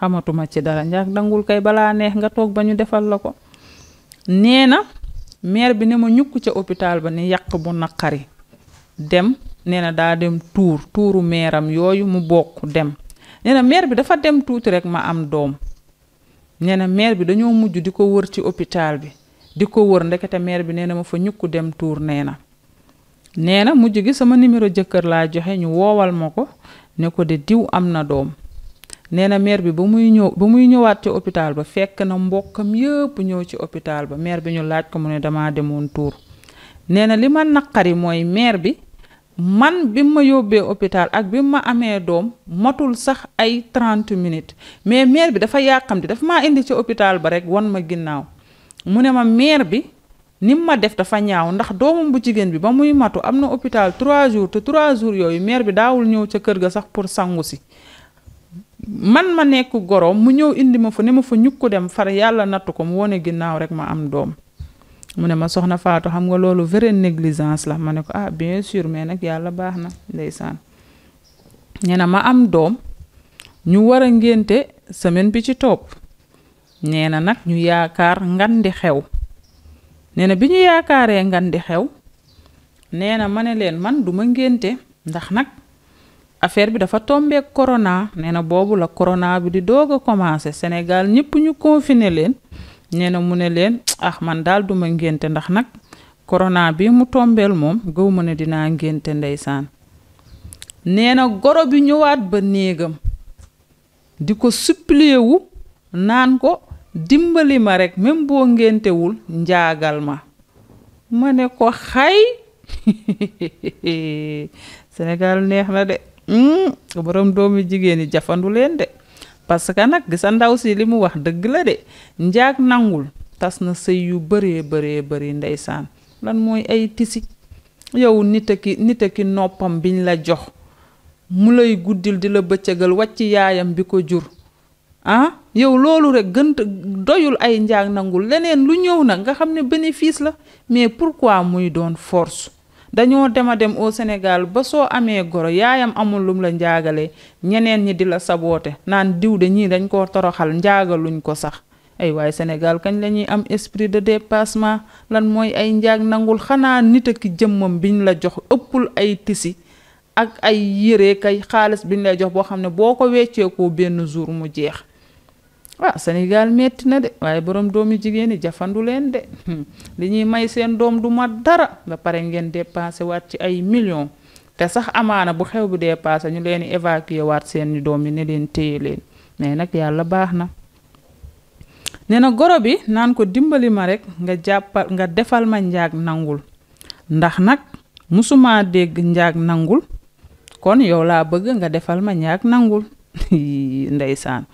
xamatuma ci dara njaag nangul kay balaa neex nga toog ba ñu defal la ko nee na maire bi ne ma ñukk ca hôpital ba ne yàq bu naqari dem nee na daa dem tuur tuuru meeram yooyu mu bokk dem nee na maire bi dafa dem tuuti rek ma am doom nee na maire bi dañoo mujj di ko wër ci hôpital bi di ko wër ndekete maire bi nee na ma fa ñukk dem tuur nee na nee na mujj gi sama numéro jëkkër laa joxe ñu woowal ma ko ne ko de diw am na doom nee na maire bi ba muy ñëw ba muy ñëwaat ci hôpital ba fekk na mbokkam yëpp ñëw ci hôpital ba maire bi ñu laaj ko mu ne damaa demoon tuur nee na li ma naqari mooy maire bi man bi ma yóbbee hôpital ak bi ma amee doom matul sax ay 30 minutes mais maire bi dafa yàqamti dafa maa indi ci hôpital ba rek wan ma ginnaaw mu ne ma maire bi ni ma def dafa ñaaw ndax doomam bu jigéen bi ba muy matu am na hôpital 3 jours te 3 jours yooyu maire bi daawul ñëw ca kër ga sax pour sangu si man ma nekk goroom mu ñëw indi ma fa ne ma fa ñukku dem far yàlla nattu ko mu wone ginnaaw rek ma am doom mu ne ma soxna Faatu xam nga loolu vraie négligence la ma ne ko ah bien sûr mais nag yàlla baax na ndeysaan nee na ma am doom ñu war a ngénte semaine bi ci topp nee na nag ñu yaakaar ngan di xew nee na bi ñu yaakaaree ngan di xew nee na ma ne leen man du ma ngénte ndax nag affaire bi dafa tombeek corona nee na boobu la corona bi di doog a commencé Sénégal ñëpp ñu confiné leen nee na mu ne leen ah man daal duma ngénte ndax nag corona bi mu tombeel moom gëw ma ne dinaa ngénte ndeysaan nee na goro bi ñëwaat ba néegam di ko supplier naan ko dimbali ma rekk même boo ngéntewul njaagal ma ma ne ko xay senegal <laughs> neex na de Hmm. borom doomi jigéen ñi jafandu leen de parce que nag gisa ndaw si li mu wax dëgg la de njaag nangul tas na sëy yu bëree bëree bëri ndeysaan lan mooy ay tisi yow nit a nit a noppam biñ la jox mu lay guddil di la bëccëgal wàcc yaayam bi ko jur ah yow loolu rek gënt doyul ay njaag nangul leneen lu ñëw nag nga xam ne bénéfice la mais pour quoi muy doon force dañoo dem a dem o Sénégal ba soo amee goro yaayam amul lum la njaagalee ñeneen ñi di la saboote naan diw de ñii dañ koo toroxal njaagaluñ ko sax ay waaye Sénégal kañ la am esprit de dépassement lan mooy ay njaag nangul xanaa nit ak jëmmam biñ la jox ëppul ay tissi ak ay yére kay xaalis biñ lay jox boo xam ne boo ko ko benn jour mu jeex waaw ah, Sénégal metti na de waaye borom doom yu jigéen yi jafandu leen de <laughs> li ñuy may seen doom du ma dara ba pare ngeen dépassé waat ci ay million te sax amaana bu xew bi dépassé ñu leen évacuer waat seen doom yi ne leen téye leen mais nag yàlla baax na nee na goro bi naan ko dimbali ma rekk nga jàppal nga defal ma njaag nangul ndax nag musuma dégg njaag nangul kon yow laa bëgg nga defal ma njaag nangul <laughs> ndeysaan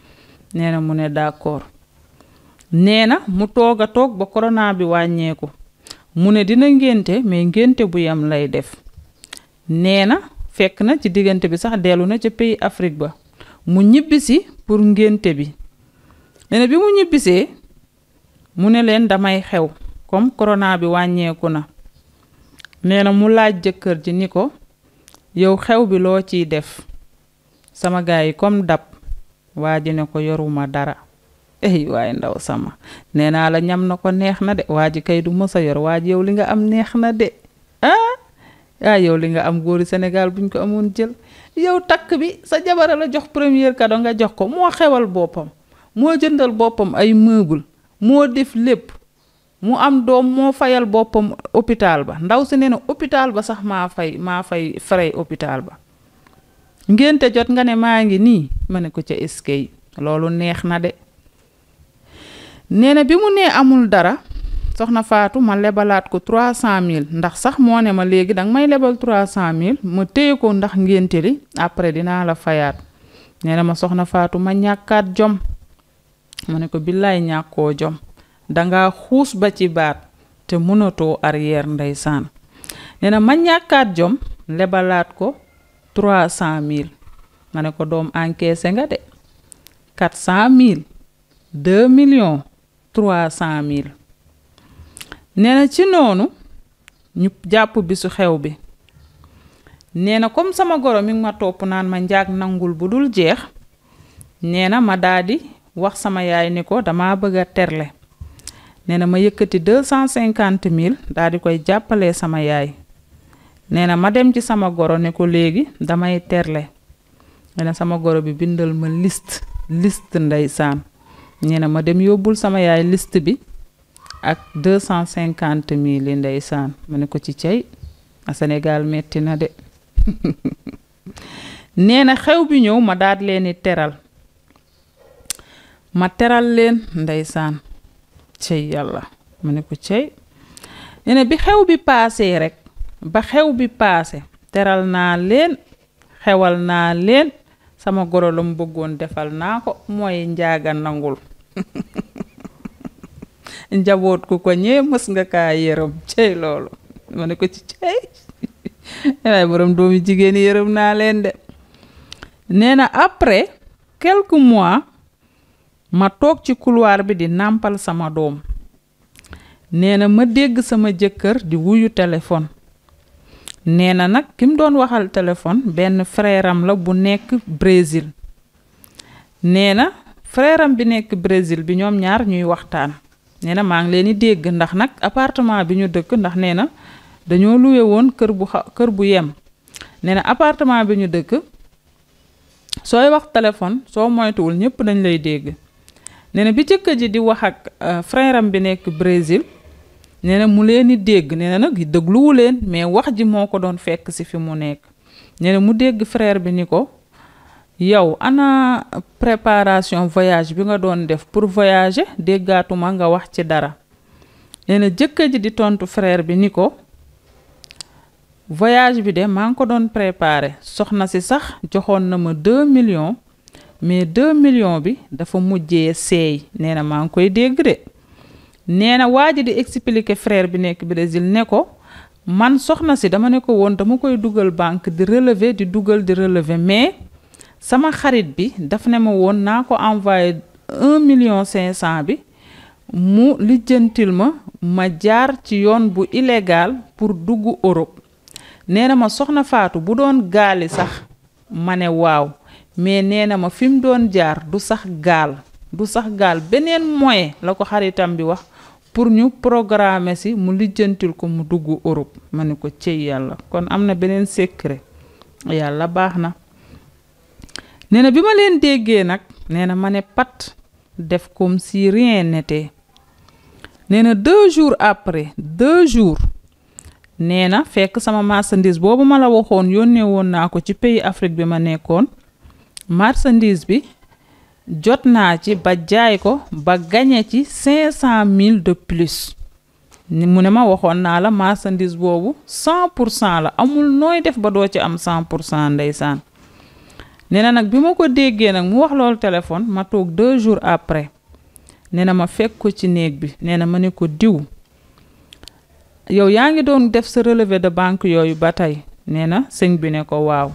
nee na mu ne d'accord nee na mu toog a toog ba corona bi wàññeeku mu ne dina ngénte mais ngénte bu yam lay def nee na fekk na ci diggante bi sax dellu na ca pays Afrique ba mu ñibbisi pour ngénte bi nee na bi mu ñibbisee mu ne leen damay xew comme corona bi wàññeeku na nee na mu laaj jëkkër ji ni ko yow xew bi loo ciy def sama gars yi comme dab waa ji ne ko yoruma dara ey waaye ndaw sama nee naa la ñam na ko neex na de waa ji kay du mës yor waa ji yow li nga am neex na de ah ah yow li nga am góori Sénégal buñ ko amoon jël yow takk bi sa jabara la jox premier kado nga jox ko moo xewal boppam moo jëndal boppam ay meuble moo def lépp mu am doom moo fayal boppam hôpital ba ndaw si nee na hôpital ba sax maa fay maa fay frais hôpital ba ngénte jot nga ne maa ngi nii ma ne ko ca eskay loolu neex na de nee na bi mu nee amul dara soxna Faatu ma lebalaat ko trois cent mille ndax sax moo ne ma léegi danga may lebal trois cent mille ma téye ko ndax ngénte li après dinaa la fayaat nee na ma soxna Faatu ma ñàkkaat jom ma ne ko billaay ñàkkoo jom danga xuus ba ci baat te mënatoo arrière ndeysaan nee ma ñàkkaat jom lebalaat ko trois cent mille ma ne ko doom encaissé nga de quatre cent mille deux millions trois cent mille nee na ci noonu ñu jàpp bisu xew bi nee na comme sama goro mi ma topp naan ma njaag nangul bu dul jeex nee na ma daldi wax sama yaay ni ko dama bëgg a terle nee na ma yëkkati deux cent cinquante mille daldi koy jàppale sama yaay nee na ma dem ci sama goro ne ko léegi damay terle nee sama goro bi bindal ma liste list ndeysaan nee na ma dem yóbbul sama yaay liste bi ak deux cent cinquante ndeysaan ma ne ko ci cey a Sénégal metti na de <laughs> nee na xew bi ñëw ma daat leeni teral ma teral leen ndeysaan cey yàlla ma ne ko cey nee bi xew bi paasee rekk ba xew bi paase teral naa leen xewal naa leen sama goro la mu bëggoon defal naa ko mooy njaaga nangul <laughs> njaboot ku ko ñee mës nga kaa yërëm cey loolu ma ne ko ci cey <laughs> waaye borom doomi jigéen yërëm naa leen de nee na après quelques mois ma toog ci couloir bi di nàmpal sama doom nee na ma dégg sama jëkkër di wuyu téléphone nee na nag ki mu doon waxal téléphone benn frère la bu nekk Brésil nee na frère bi nekk Brésil bi ñoom ñaar ñuy waxtaan nee na maa ngi leen di dégg ndax nag appartement bi ñu dëkk ndax nee na dañoo luwe woon kër bu xa kër bu yem neena na appartement bi ñu dëkk sooy wax téléphone soo moytuwul ñëpp dañ lay dégg nee bi ci ji di wax ak euh, frère bi nekk Brésil nee na mu leen di dégg nee na nag dégluwu leen mais wax ji moo ko doon fekk si fi mu nekk nee mu dégg frère bi ni ko yow ana préparation voyage bi nga doon def pour voyager déggaatuma nga wax ci dara nee na jëkkër ji di tontu frère bi ni ko voyage bi de maa ngi ko doon préparer soxna si sax joxoon na ma 2 millions mais 2 millions bi dafa mujjee seey nee na maa ngi koy dégg de. nee na waa ji di expliquer frère bi nekk Brésil ne ko man soxna si dama ne ko woon dama koy dugal banque di relever di dugal di relever mais sama xarit bi daf ne ma woon naa ko envoyé un million cinq cent bi mu lijjantil ma ma jaar ci yoon bu illégal pour dugg Europe nee na ma soxna Faatu bu doon gaali sax ma ne waaw mais nee na ma fi mu doon jaar du sax gaal du sax gaal beneen moyen la ko xaritam bi wax pour ñu programmer si mu lijjantil ko mu dugg Europe ma ni ko cëy yàlla kon am na beneen secret yàlla baax na nee na bi ma leen déggee nag nee na ma ne pat def comme si rien n'était nee na deux jours après deux jours nee na fekk sama marchandise boobu ma la waxoon yónnee woon naa ko ci pays Afrique bi ma nekkoon marchandise bi jot naa ci ba jaay ko ba gañe ci cinq cent mille de plus mu ne ma waxoon naa la marchandise boobu cent pour cent la amul nooy def ba doo ci am cent pour cent ndeysaan nee na nag bi ma ko déggee nag mu wax loolu téléphone ma toog deux jours après nee na ma fekk ko ci néeg bi nee na ma ne ko diw yow yaa ngi doon def sa relevé de banque yooyu ba tey nee na sëñ bi ne ko waaw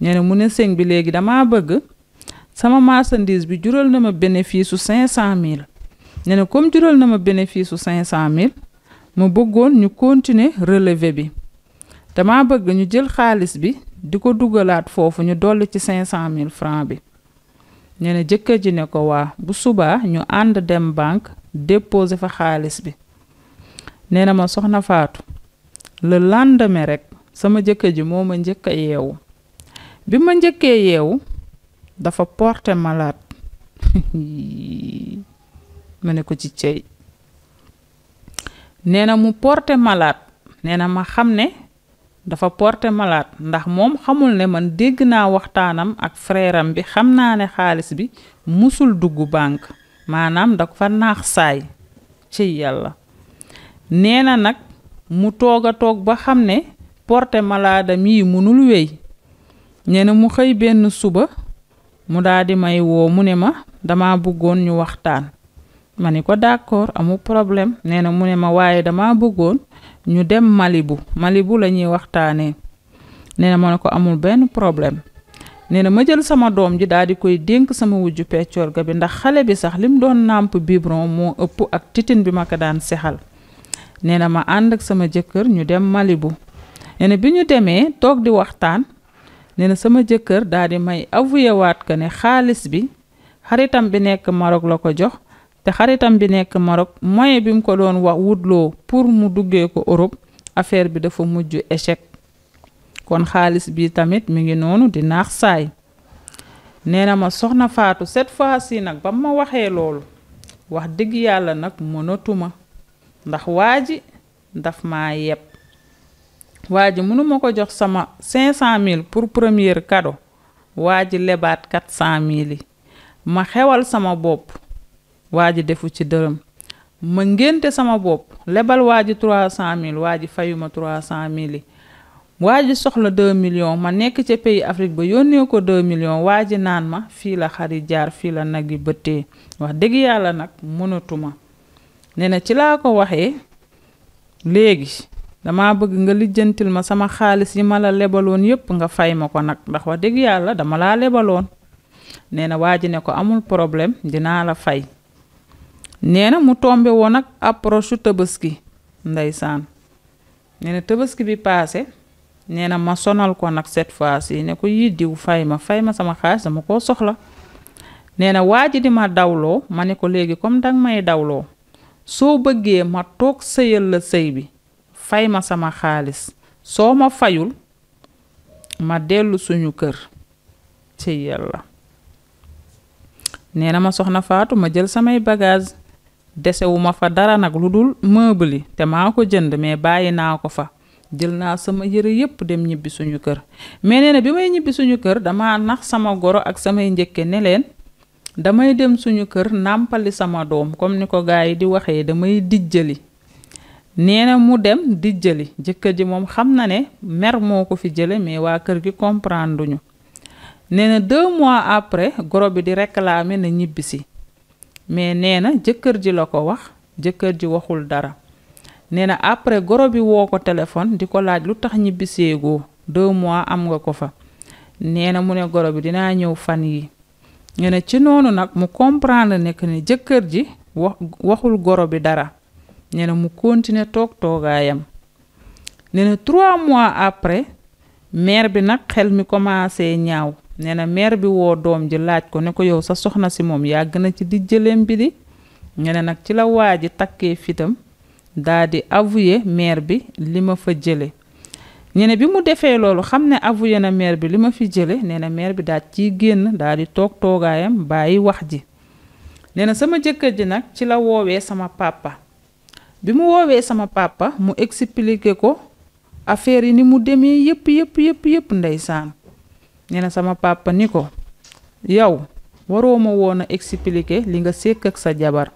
nee mu ne sëñ bi léegi dama bëgg sama marchandise bi jural na ma bénéfice su cinq cent mille ne na comme jural na ma bénéfice cinq cent mille ma bëggoon ñu continuer relevé bi dama bëgg ñu jël xaalis bi di ko dugalaat foofu ñu dolli ci cinq cent mille franc bi ne jëkkër ji ne ko waa bu subaa ñu ànd dem banque déposer fa xaalis bi nee na ma soxna Faatu la lendemain rekk sama jëkkër ji moo ma njëkk a yeewu bi ma njëkkee yeewu dafa porté malade <laughs> ma ne ko ci cey nee na mu porté malaat nee na ma xam ne dafa porte malaat ndax moom xamul ne man dégg naa waxtaanam ak frère bi xam naa ne xaalis bi musul dugg bànk maanaam da fa naax saay ci yàlla nee na nag mu toog a toog ba xam ne porté malade am yi munul wéy nee na mu xëy benn suba mu daa di may woo mu ne ma dama bëggoon ñu waxtaan ma ni ko d'accord amul problème nee na mu ne ma waaye dama bëggoon ñu dem Malibu Malibu la ñuy waxtaanee nee na ma ne ko amul benn problème nee na ma jël sama doom ji daal di koy dénk sama wujju peccoor ga bi ndax xale bi sax lim doon nàmp biberon moo ëpp ak titin bi ma ko daan sexal nee na ma ànd ak sama jëkkër ñu dem Malibu nee na bi ñu demee toog di waxtaan ne na sama jëkkër daal di may avoué waat ne xaalis bi xaritam bi nekk Maroc la ko jox te xaritam bi nekk Maroc moyen bi mu ko doon wax wutloo pour mu duggee ko Europe affaire bi dafa mujj échec kon xaalis bi tamit mu ngi noonu di naax saay nee na ma soxna Faatu set fois ci nag ba ma waxee loolu wax dëgg yàlla nag mënatuma ndax waa ji daf maa yepp waa ji mënuma ko jox sama 500000 pour première cadeau waa ji lebaat 400000 yi ma xewal sama bopp waa ji defu ci dërëm ma ngénte sama bopp lebal waa ji 300000 waa ji fayuma 300000 yi waa ji soxla 2 millions ma nekk ca pays Afrique ba yónnee ko 2 millions waa ji naan ma fii la xari jaar fii la nag yi bëttee wax dëgg yàlla nag mënatuma nee na ci laa ko waxee léegi dama bëgg nga lijjantil ma sama xaalis yi ma la lebaloon yépp nga fay ma ko nag ndax wax dëgg yàlla dama laa lebaloon nee na waa ji ne ko amul problème dinaa la fay nee na mu tombe woon ak approche su tabaski ndeysaan nee na bi paase nee na ma sonal ko nag cette fois ci ne ko yii diw fay ma fay ma sama xaalis dama koo soxla nee na waa ji di ma dawloo ma ne ko léegi comme dang may dawloo soo bëggee ma toog sëyal la sëy bi fay ma sama xaalis soo ma fayul ma dellu suñu kër ci yàlla nee na ma soxna Faatu ma jël samay bagaas desewuma fa dara nag lu dul meuble te maa ko jënd mais bàyyi naa ko fa jël naa sama yëre yépp dem ñibbi suñu kër mais nee na bi may ñibbi suñu kër dama nax sama goro ak samay njëkke ne leen damay dem suñu kër nàmpali sama doom comme ni ko gars yi di waxee damay dijjali nee na mu dem di jëli jëkkër ji moom xam na ne mer moo ko fi jële mais waa kër gi comprendre duñu nee na deux mois après goro bi di réclamer na ñibbisi mais nee na jëkkër ji la ko wax jëkkër ji waxul dara nee na après goro bi woo ko téléphone di ko laaj lu tax ñibbiseegoo deux mois am nga ko fa nee na mu ne goro bi dinaa ñëw fan yi nee na ci noonu nag mu comprendre nekk que ne jëkkër ji wax waxul goro bi dara ne na mu continuer toog toogaayam ne na trois mois après mère bi nag xel mi commencé ñaaw ne na mère bi woo doom ji laaj ko ne ko yow sa soxna si moom yàgg na ci di jëleem mbiri di ne nag ci la waa ji takkee fitam daa di avouer bi li ma fa jële ñene bi mu defee loolu xam ne avouer na mère bi li ma fi jële ne na mère bi daal ciy génn daal di toog toogaayam bàyyi wax ji ne na sama jëkkër ji nag ci la woowee sama papa bi mu woowee sama papa mu expliqué ko affaire yi ni mu demee yëpp yëpp yëpp yëpp ndeysaan nee na sama pàppa ni ko yow waroo ma woon a expliqué li nga sékk ak sa jabar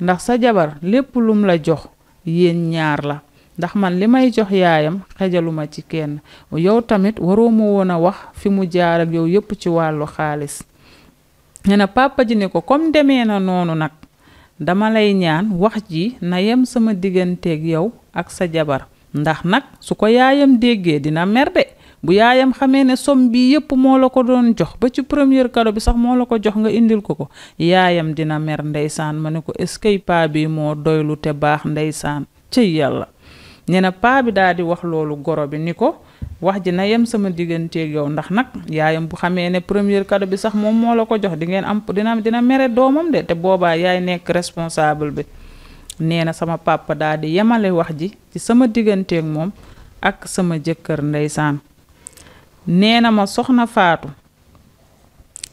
ndax sa jabar lépp lum la jox yéen ñaar la ndax man li may jox yaayam xejaluma ci kenn yow tamit waroo ma woon a wax fi mu jaar ak yow yépp ci wàllu xaalis nee na ji ni ko comme demee na noonu nag dama lay ñaan wax ji na yem sama digganteeg yow ak sa jabar ndax nag su ko yaayam déggee dina mer de bu yaayam xamee ne somme bi yépp moo la ko doon jox ba ci premier cadeau bi sax moo la ko jox nga indil ko ko yaayam dina mer ndeysaan ma ne ko est-ce que paa bi moo doylu te baax ndeysaan cëy yàlla ñe ne paa bi daal di wax loolu goro bi ni ko wax ji na yem sama digganteeg yow ndax nag yaayam bu xamee ne première cadeau bi sax moom moo la ko jox di ngeen am dina dina mere doomam de te boobaa yaay nekk responsable bi nee na sama papa daal di yemale wax ji ci sama digganteeg moom ak sama jëkkër ndeysaan nee na ma soxna faatu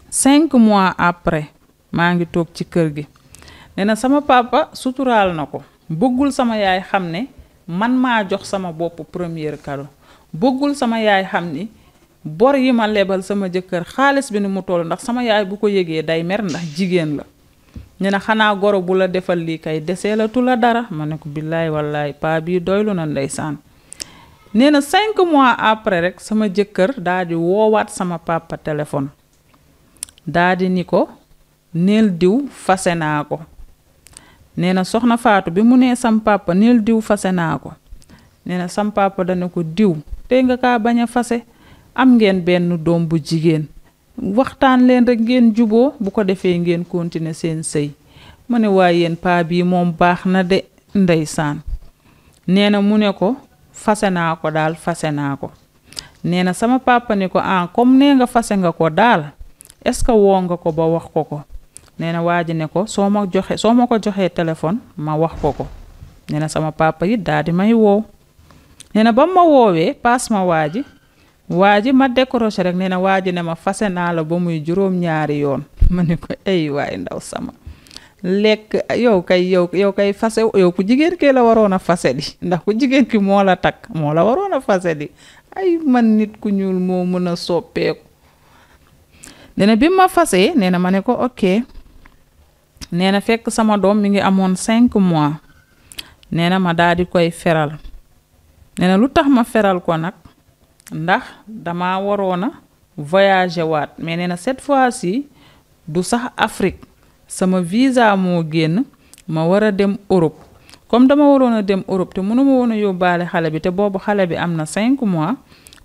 cinq mois après maa ngi toog ci kër gi nee na sama papa suturaal na ko bëggul sama yaay xam ne man maa jox sama bopp premier cadeau bëggul sama yaay xam ni bor yi ma lebal sama jëkkër xaalis bi ni mu toll ndax sama yaay bu ko yëgee day mer ndax jigéen la ñu ne xanaa goro bu la defal lii kay desee la dara ma ne ko billaay wallaay paa bii doylu na ndeysaan nee na cinq mois après rek sama jëkkër daa woowaat sama papa téléphone daa ni ko neel diw fase naa ko nee na soxna Faatu bi mu nee sam papa neel diw fase naa ko nee na sam papa dana ko diw tey nga kaa bañ a fase am ngeen benn doom bu jigéen waxtaan leen rek ngeen juboo bu ko defee ngeen continuer seen sëy ma ne waaye paa bii moom baax na de ndeysaan nee na mu ne ko fase naa ko daal fase naa ko nee na sama papa ni ko ah comme nee nga fase nga ko daal est-ce que woo nga ko ba wax ko ko nee na waa ji ne ko soo ma joxe soo ma ko joxee téléphone ma wax ko ko nee na sama papa it daal di may woo nee na ba ma woowee paas ma waa ji waa ji ma décroché rek nee na waa ji ne ma fase naa la ba muy juróom-ñaari yoon <laughs> ma ne ko ay waay ndaw sama lekk yow kay yow yow kay fase yow ku jigéen kee la waroon a fase di <laughs> ndax ku jigéen ki moo la takk moo la waroon a fase di ay man nit ku ñuul moo mën a soppeeku nee na bi ma fasee nee na ma ne ko ok nee na fekk sama doom mi ngi amoon cinq mois nee na ma daal di koy feral nee lu tax ma feral ko nag ndax dama waroon a voyager waat mais nee na cette fois-ci du sax Afrique sama visa moo génn ma war a dem Europe comme dama waroon a dem Europe te mënuma woon a yóbbaale xale bi te boobu xale bi am na cinq mois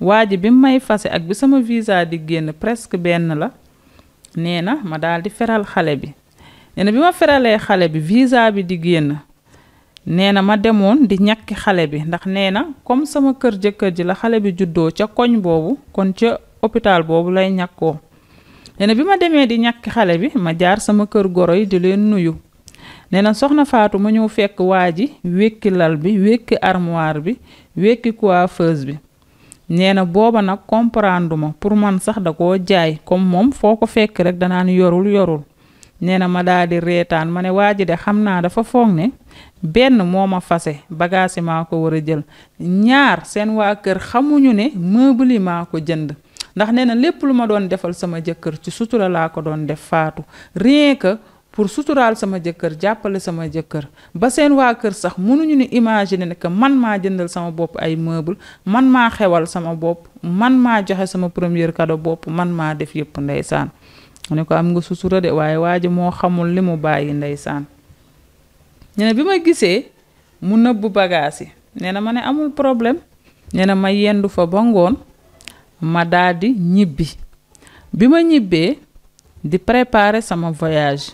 waa ji bi may fase ak bi sama visa di génn presque benn la nee na ma daal di feral xale bi nee na bi ma feralee xale bi visa bi di génn nee na ma demoon di ñàkki xale bi ndax nee na comme sama kër jëkkër ji la xale bi juddoo ca koñ boobu kon ca hôpital boobu lay ñàkkoo nee bi ma demee di ñàkki xale bi ma jaar sama kër goro yi di leen nuyu nee na soxna Faatu ma ñëw fekk waa ji wékki lal bi wékki armoire bi wékki coiffeuse bi nee na booba nag comprendre pour man sax da ko jaay comme moom foo ko fekk rek danaan yorul yorul nee na ma daal reetaan ma ne waa ji de xam naa dafa foog ne benn moo ma fase bagage maa ko war a jël ñaar seen waa kër xamuñu ne meuble yi maa ko jënd ndax nee na lépp lu ma doon defal sama jëkkër ci sutura laa ko doon def faatu rien que pour suturaal sama jëkkër jàppale sama jëkkër ba seen waa kër sax mënuñu ni imaginer ne que man maa jëndal sama bopp ay meuble man maa xewal sama bopp man maa joxe sama premier cadeau bopp man maa def yëpp ndeysaan mu ne ko am nga sutura de waaye waa moo xamul li mu bàyyi ndeysaan nee bi ma gisee mu nëbbu bagaas yi nee na ma ne amul problème nee na ma yendu fa ba ngoon ma daldi ñibbi bi ma ñibbee di préparer sama voyage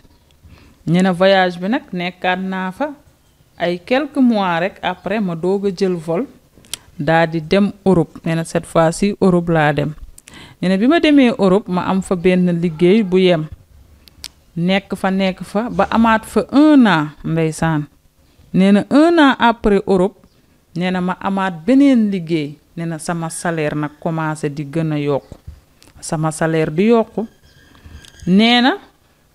nee na voyage bi nag nekkaat naa fa ay quelques mois rek après ma doog a jël vol daldi dem Europe nee na fois-ci Europe laa dem nee bi ma demee Europe ma am fa benn liggéey bu yem nekk fa nekk fa ba amaat fa un an ndeysaan nee na un an après Europe nee na ma amaat beneen liggéey nee na sama salaire nag commencé di gën a yokku sama salaire di yokku nee na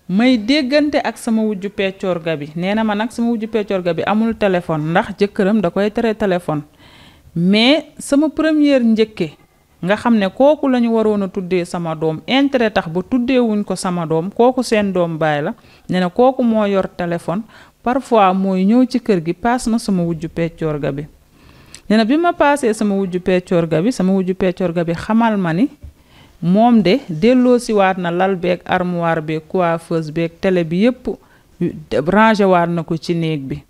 may déggante ak sama wujju peccoor ga bi nee na ma nag sama wujju peccoor ga bi amul téléphone ndax jëkkëram da koy tere téléphone mais sama première njëkke nga xam ne kooku la ñu waroon a tuddee sama doom intérêt tax ba tuddeewuñ ko sama doom kooku seen doom baay la ne kooku moo yor téléphone parfois mooy ñëw ci kër gi paas ma sama wujju peccoor ga bi ne na bi ma paasee sama wujju peccoor ga bi sama wujju peccoor ga bi xamal ma ni moom de delloo delloosiwaat na lal beeg armoire beeg coiffeuse beeg télé bi yépp rangé waat na ko ci néeg bi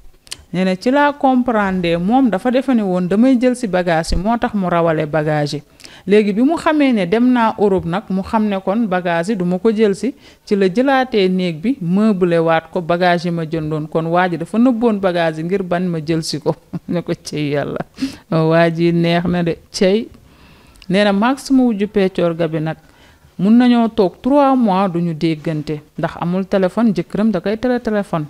ne na ci laa comprendre moom dafa defe ne woon damay jël si bagage yi moo tax mu rawale bagage yi léegi bi mu xamee ne dem naa Europe nag mu xam ne kon bagage yi du ma ko jël si ci la jëlaate néeg bi meublé waat ko bagage yi ma jëndoon kon waa ji dafa nëbboon bagage yi ngir ban ma jël si ko <laughs> ne ko cey yàlla <laughs> waa ji neex na de cey nee na maag sama wujju peccoor ga bi nag mun nañoo toog trois mois duñu déggante ndax amul téléphone jëkkëram da koy tele téléphone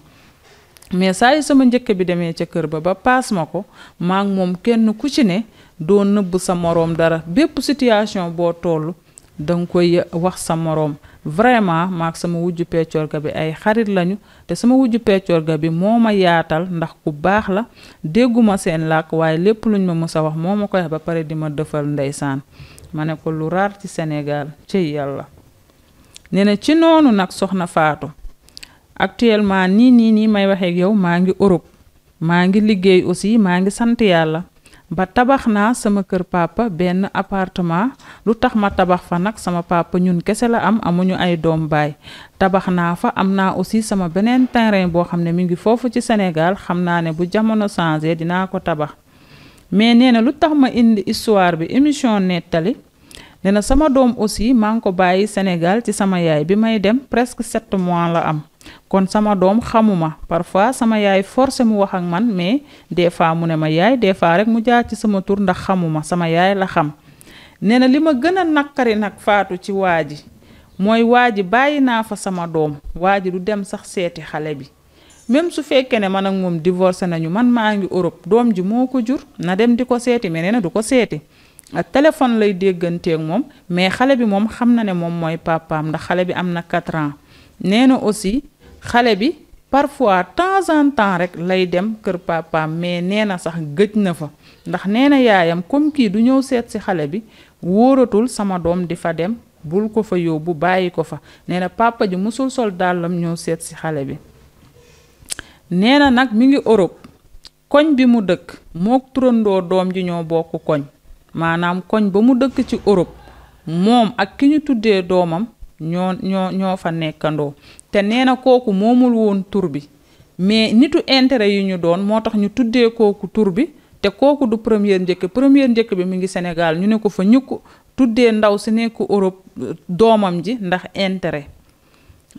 mais saa yi sama njëkk bi demee ca kër ba ba paas ma ko maag moom kenn ku ci ne doo nëbb sa moroom dara bépp situation boo toll danga nga koy wax sa moroom vraiment maak sama wujju peccorga bi ay xarit lañu te sama wujju ga bi moo ma yaatal ndax ku baax la dégguma seen làkk waaye lépp luñ ma mës a wax moo ma ko wax ba pare di ma defal ndeysaan ma ne ko lu raar ci Sénégal ci yàlla ne na ci noonu nag soxna Faatu actuellement nii nii nii may waxee yow maa ngi Europe maa ngi liggéey aussi maa ngi sant yàlla ba tabax naa sama kër papa benn appartement lu tax ma tabax fa nag sama papa ñun kese la am amuñu ay doom baay tabax naa fa am naa aussi sama beneen terrain boo xam ne mi ngi foofu ci Sénégal xam naa ne bu jamono changé dinaa ko tabax mais nee na lu tax ma indi histoire bi émission nettali nee na sama doom aussi maa ngi ko bàyyi Sénégal ci sama yaay bi may dem presque sept mois la am kon sama doom xamuma parfois sama yaay forcé mu wax ak man mais des fois mu ne ma yaay des fois rek mu jaar ci sama tur ndax xamuma sama yaay la xam nee na li ma gën a naqari nag faatu ci waa ji mooy waa ji bàyyi naa fa sama doom waa du dem sax seeti xale bi même su fekkee ne man ak moom divorcé nañu man maa ngi Europe doom ji moo ko jur na dem di ko seeti mais nee du ko seeti ak téléphone lay dégganteeg moom mais xale bi moom xam na ne moom mooy papaam ndax xale bi am na 4 xale bi parfois temps en temps rek lay dem kër papaam mais nee na sax gëj na fa ndax nee na yaayam kom kii du ñëw seet si xale bi wóoratul sama doom di fa dem bul ko fa yóbbu bàyyi ko fa nee na papa ji musul sol dàllam ñëw seet si xale bi neena nag mu ngi Europe koñ bi mu dëkk mook turandoo doom ji ñoo bokk koñ maanaam koñ ba mu dëkk ci Europe moom ak ki ñu tuddee doomam ñoo ñoo ñoo fa nekkandoo te nee na kooku moomul woon tur bi mais nitu intérêt yi ñu doon moo tax ñu tuddee kooku tur bi te kooku du premier njëkk première njëkk bi mu ngi senegal ñu ne ko fa ñukk tuddee ndaw si nekk Europe doomam ji ndax intérêt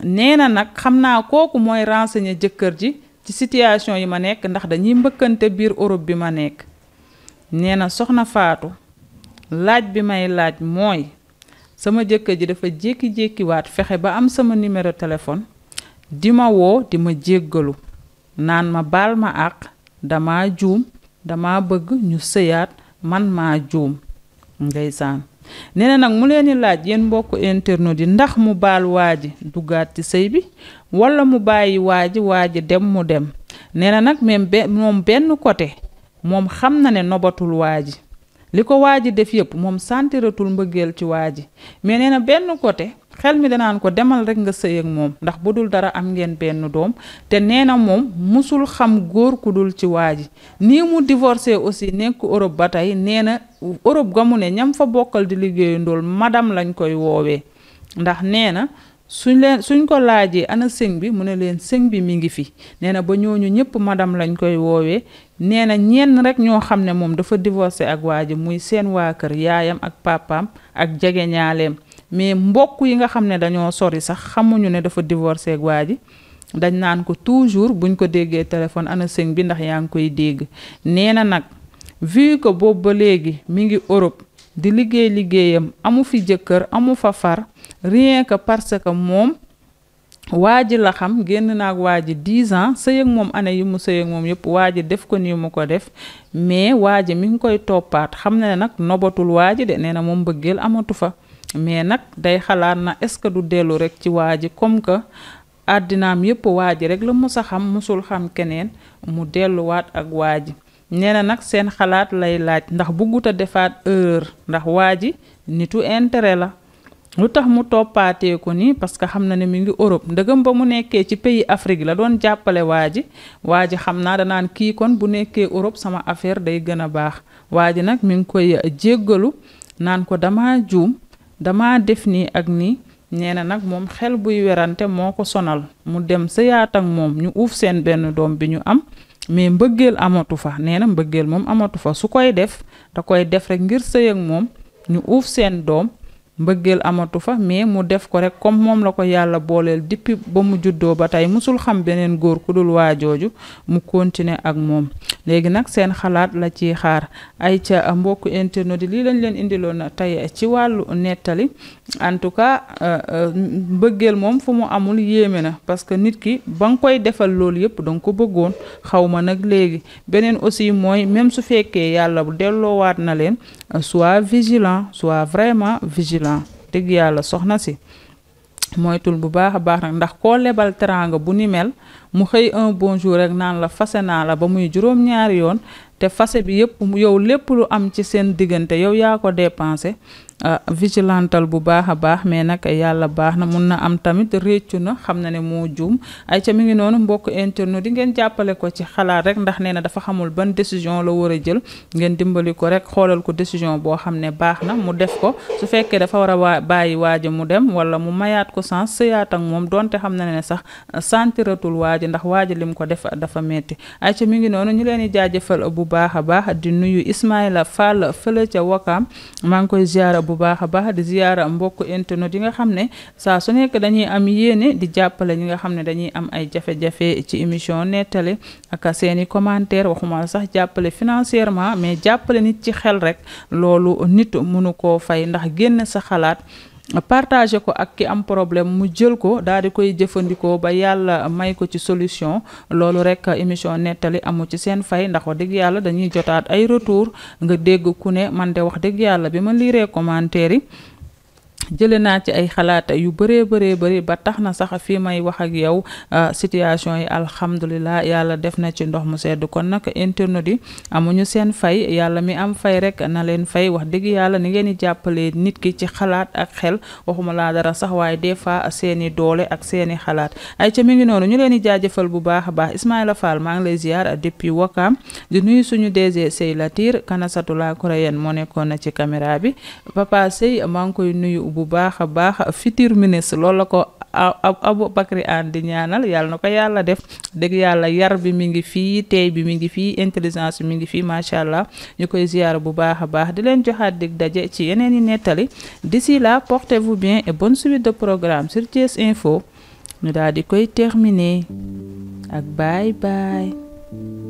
nee na nag xam naa kooku mooy renseigner jëkkër ji ci situation yi ma nekk ndax dañuy mbëkkante biir Europe bi ma nekk nee na soxna Faatu laaj bi may laaj mooy sama jëkkër ji dafa jékki-jékkiwaat fexe ba am sama numéro téléphone di ma woo di ma jéggalu naan ma baal ma àq dama juum dama bëgg ñu sëyaat man maa juum ndeysaan nee na nag mu leen di laaj yéen mbokk interne yi ndax mu baal waa ji duggaat ci sëy bi walla mu bàyyi waa ji waa ji dem mu dem nee na nag benn côté moom xam na ne nobatul waa ji li ko waa ji def yëpp moom santiratul mbëggeel ci waa ji mais nee na benn côté xel mi danaan ko demal rek nga sëy ak moom ndax bu dul dara am ngeen benn doom te nee na moom mosul xam góor ku dul ci waa ji nii mu divorcé aussi nekk Europe ba tey nee na Europe ga mu ne ñam fa bokkal di liggéeyandool madam lañ koy woowee ndax nee na suñ leen suñ ko laajee ana sëñ bi mu ne leen sëñ bi mi ngi fi nee na ba ñooñu ñëpp madam lañ koy woowee nee na ñenn rek ñoo xam ne moom dafa divorcé ak waa ji muy seen waa kër yaayam ak papaam ak jege ñaaleem mais mbokk yi nga xam ne dañoo sori sax xamuñu ne dafa divorcé ak waa ji dañ naan ko toujours buñ ko déggee téléphone ana sëñ bi ndax yaa ngi koy dégg nee na nag vu ko boobu ba léegi mi ngi Europe di liggéey liggéeyam amu fi jëkkër amu fa far rien que parce que moom waa ji la xam génn naag waa ji dix ans sëy moom année yi mu sëy moom yëpp waa def ko nii mu ko def mais waaji ji mi ngi koy toppaat xam na ne nag nobatul waa ji de nee na moom bëggeel amatu fa mais nag day xalaat na est-ce que du dellu rek ci waa ji comme que àddinaam yëpp waa ji rek la mosa xam musul xam keneen mu delluwaat ak waa ji nee na nag seen xalaat lay laaj ndax bëggut a defaat erreur ndax waa ji nitu intérêt la lu tax mu toppaatee ko nii parce que xam na ne mi ngi Europe ndëgëm ba mu nekkee ci pays Afrique la doon jàppale waa ji waa ji xam naa da naan kii kon bu nekkee Europe sama affaire day gën a baax waaji nag mu ngi koy jéggalu naan ko dama juum dama def nii ak nii nee na nag moom xel buy werante moo ko sonal mu dem sëyaat ak moom ñu uuf seen benn doom bi ñu am mais mbëggeel amatu fa nee na moom amatu fa su koy def da koy def rek ngir sëy ak moom ñu uuf seen doom mbëggeel amatu fa mais mu def ko rek comme moom la ko yàlla booleel depuis ba mu juddoo ba tey musul xam beneen góor ku dul waajooju mu continuer ak moom léegi nag seen xalaat la ci xaar ay ca mbokku internet lii lañ leen indiloon tey ci wàllu nettali en tout cas euh, euh, mbëggeel moom fu mu amul yéeme na parce que nit ki ba nga koy defal loolu yëpp danga ko bëggoon xaw ma nag léegi beneen aussi mooy même su fekkee yàlla delloowaat na leen euh, soit vigilant soit vraiment vigilant ans dëgg yàlla soxna si moytul bu baax a baax nag ndax koo lebal teraanga bu ni mel mu xëy un bonjour rek naan la fase naa la ba muy juróom-ñaari yoon te fase bi yëpp yow lépp lu am ci seen diggante yow yaa ko dépensé Ah, vigilantal bu baax a baax mais nag yàlla baax na mun na am tamit réccu na xam na ne moo juum ay ca mi ngi noonu mbokk internet di ngeen jàppale ko ci xalaat rek ndax nee na dafa xamul ban décision la war a jël ngeen dimbali ko rek xoolal ko décision boo xam ne baax na mu def ko su fekkee dafa war a waa bàyyi waaji mu dem wala mu mayaat ko sans sëyaat ak moom donte xam na ne sax sentiratul waaji ndax waaji lim ko def dafa metti ay ca mi ngi noonu ñu leen di jaajëfal bu baax a baax di nuyu Ismaïla Fall fële ca Wakaam maa bu baax a baax di ziyaara mbokk internet yi nga xam ne saa su nekk dañuy am yéene di jàppale ñi nga xam ne dañuy am ay jafe-jafe ci émission nettale ak seeni commentaire waxuma sax jàppale financièrement mais jàppale nit ci xel rek loolu nit mënu ko fay ndax génn sa xalaat partagé ko ak ki am problème mu jël ko daal di koy jëfandikoo ba yàlla may ko ci solution loolu rek émission nettali amu ci seen fay ndax wax yàlla dañuy jotaat ay retour nga dégg ku ne man de wax dëgg yàlla bi ma liiree commentaire yi jële naa ci ay xalaat yu bëree bëree bëri ba tax na sax fii may wax ak yow euh, situation yi alhamdulilah yàlla def na ci ndox mu sedd kon nag internet yi amuñu seen fay yàlla mi am fay rek na leen fay wax dëgg yàlla ni ngeen di jàppalee nit ki ci xalaat ak xel waxuma laa dara sax waaye des fois seeni doole ak seeni xalaat ay ca mu ngi noonu ñu leen di jaajëfal bu baax a baax Ismaïla Fall maa ngi lay ziar depuis Wakaam di nuyu suñu DG Sey Latir Kanasatula Koreyen moo nekkoon na ci caméra bi Sey maa bu baax a baax futur ministre lool la ko Aboubacry Anne di ñaanal yàlla na ko yàlla def dëgg yàlla yar bi mi ngi fii tey bi mi ngi fii intelligence bi mi ngi fii macha allah ñu koy ziyaara bu baax a baax di leen joxaat dig daje ci yeneen i nettali d'ici la portez-vous bien et bon suite de programme sur Thiès Info ñu daal di koy terminer ak bye bye.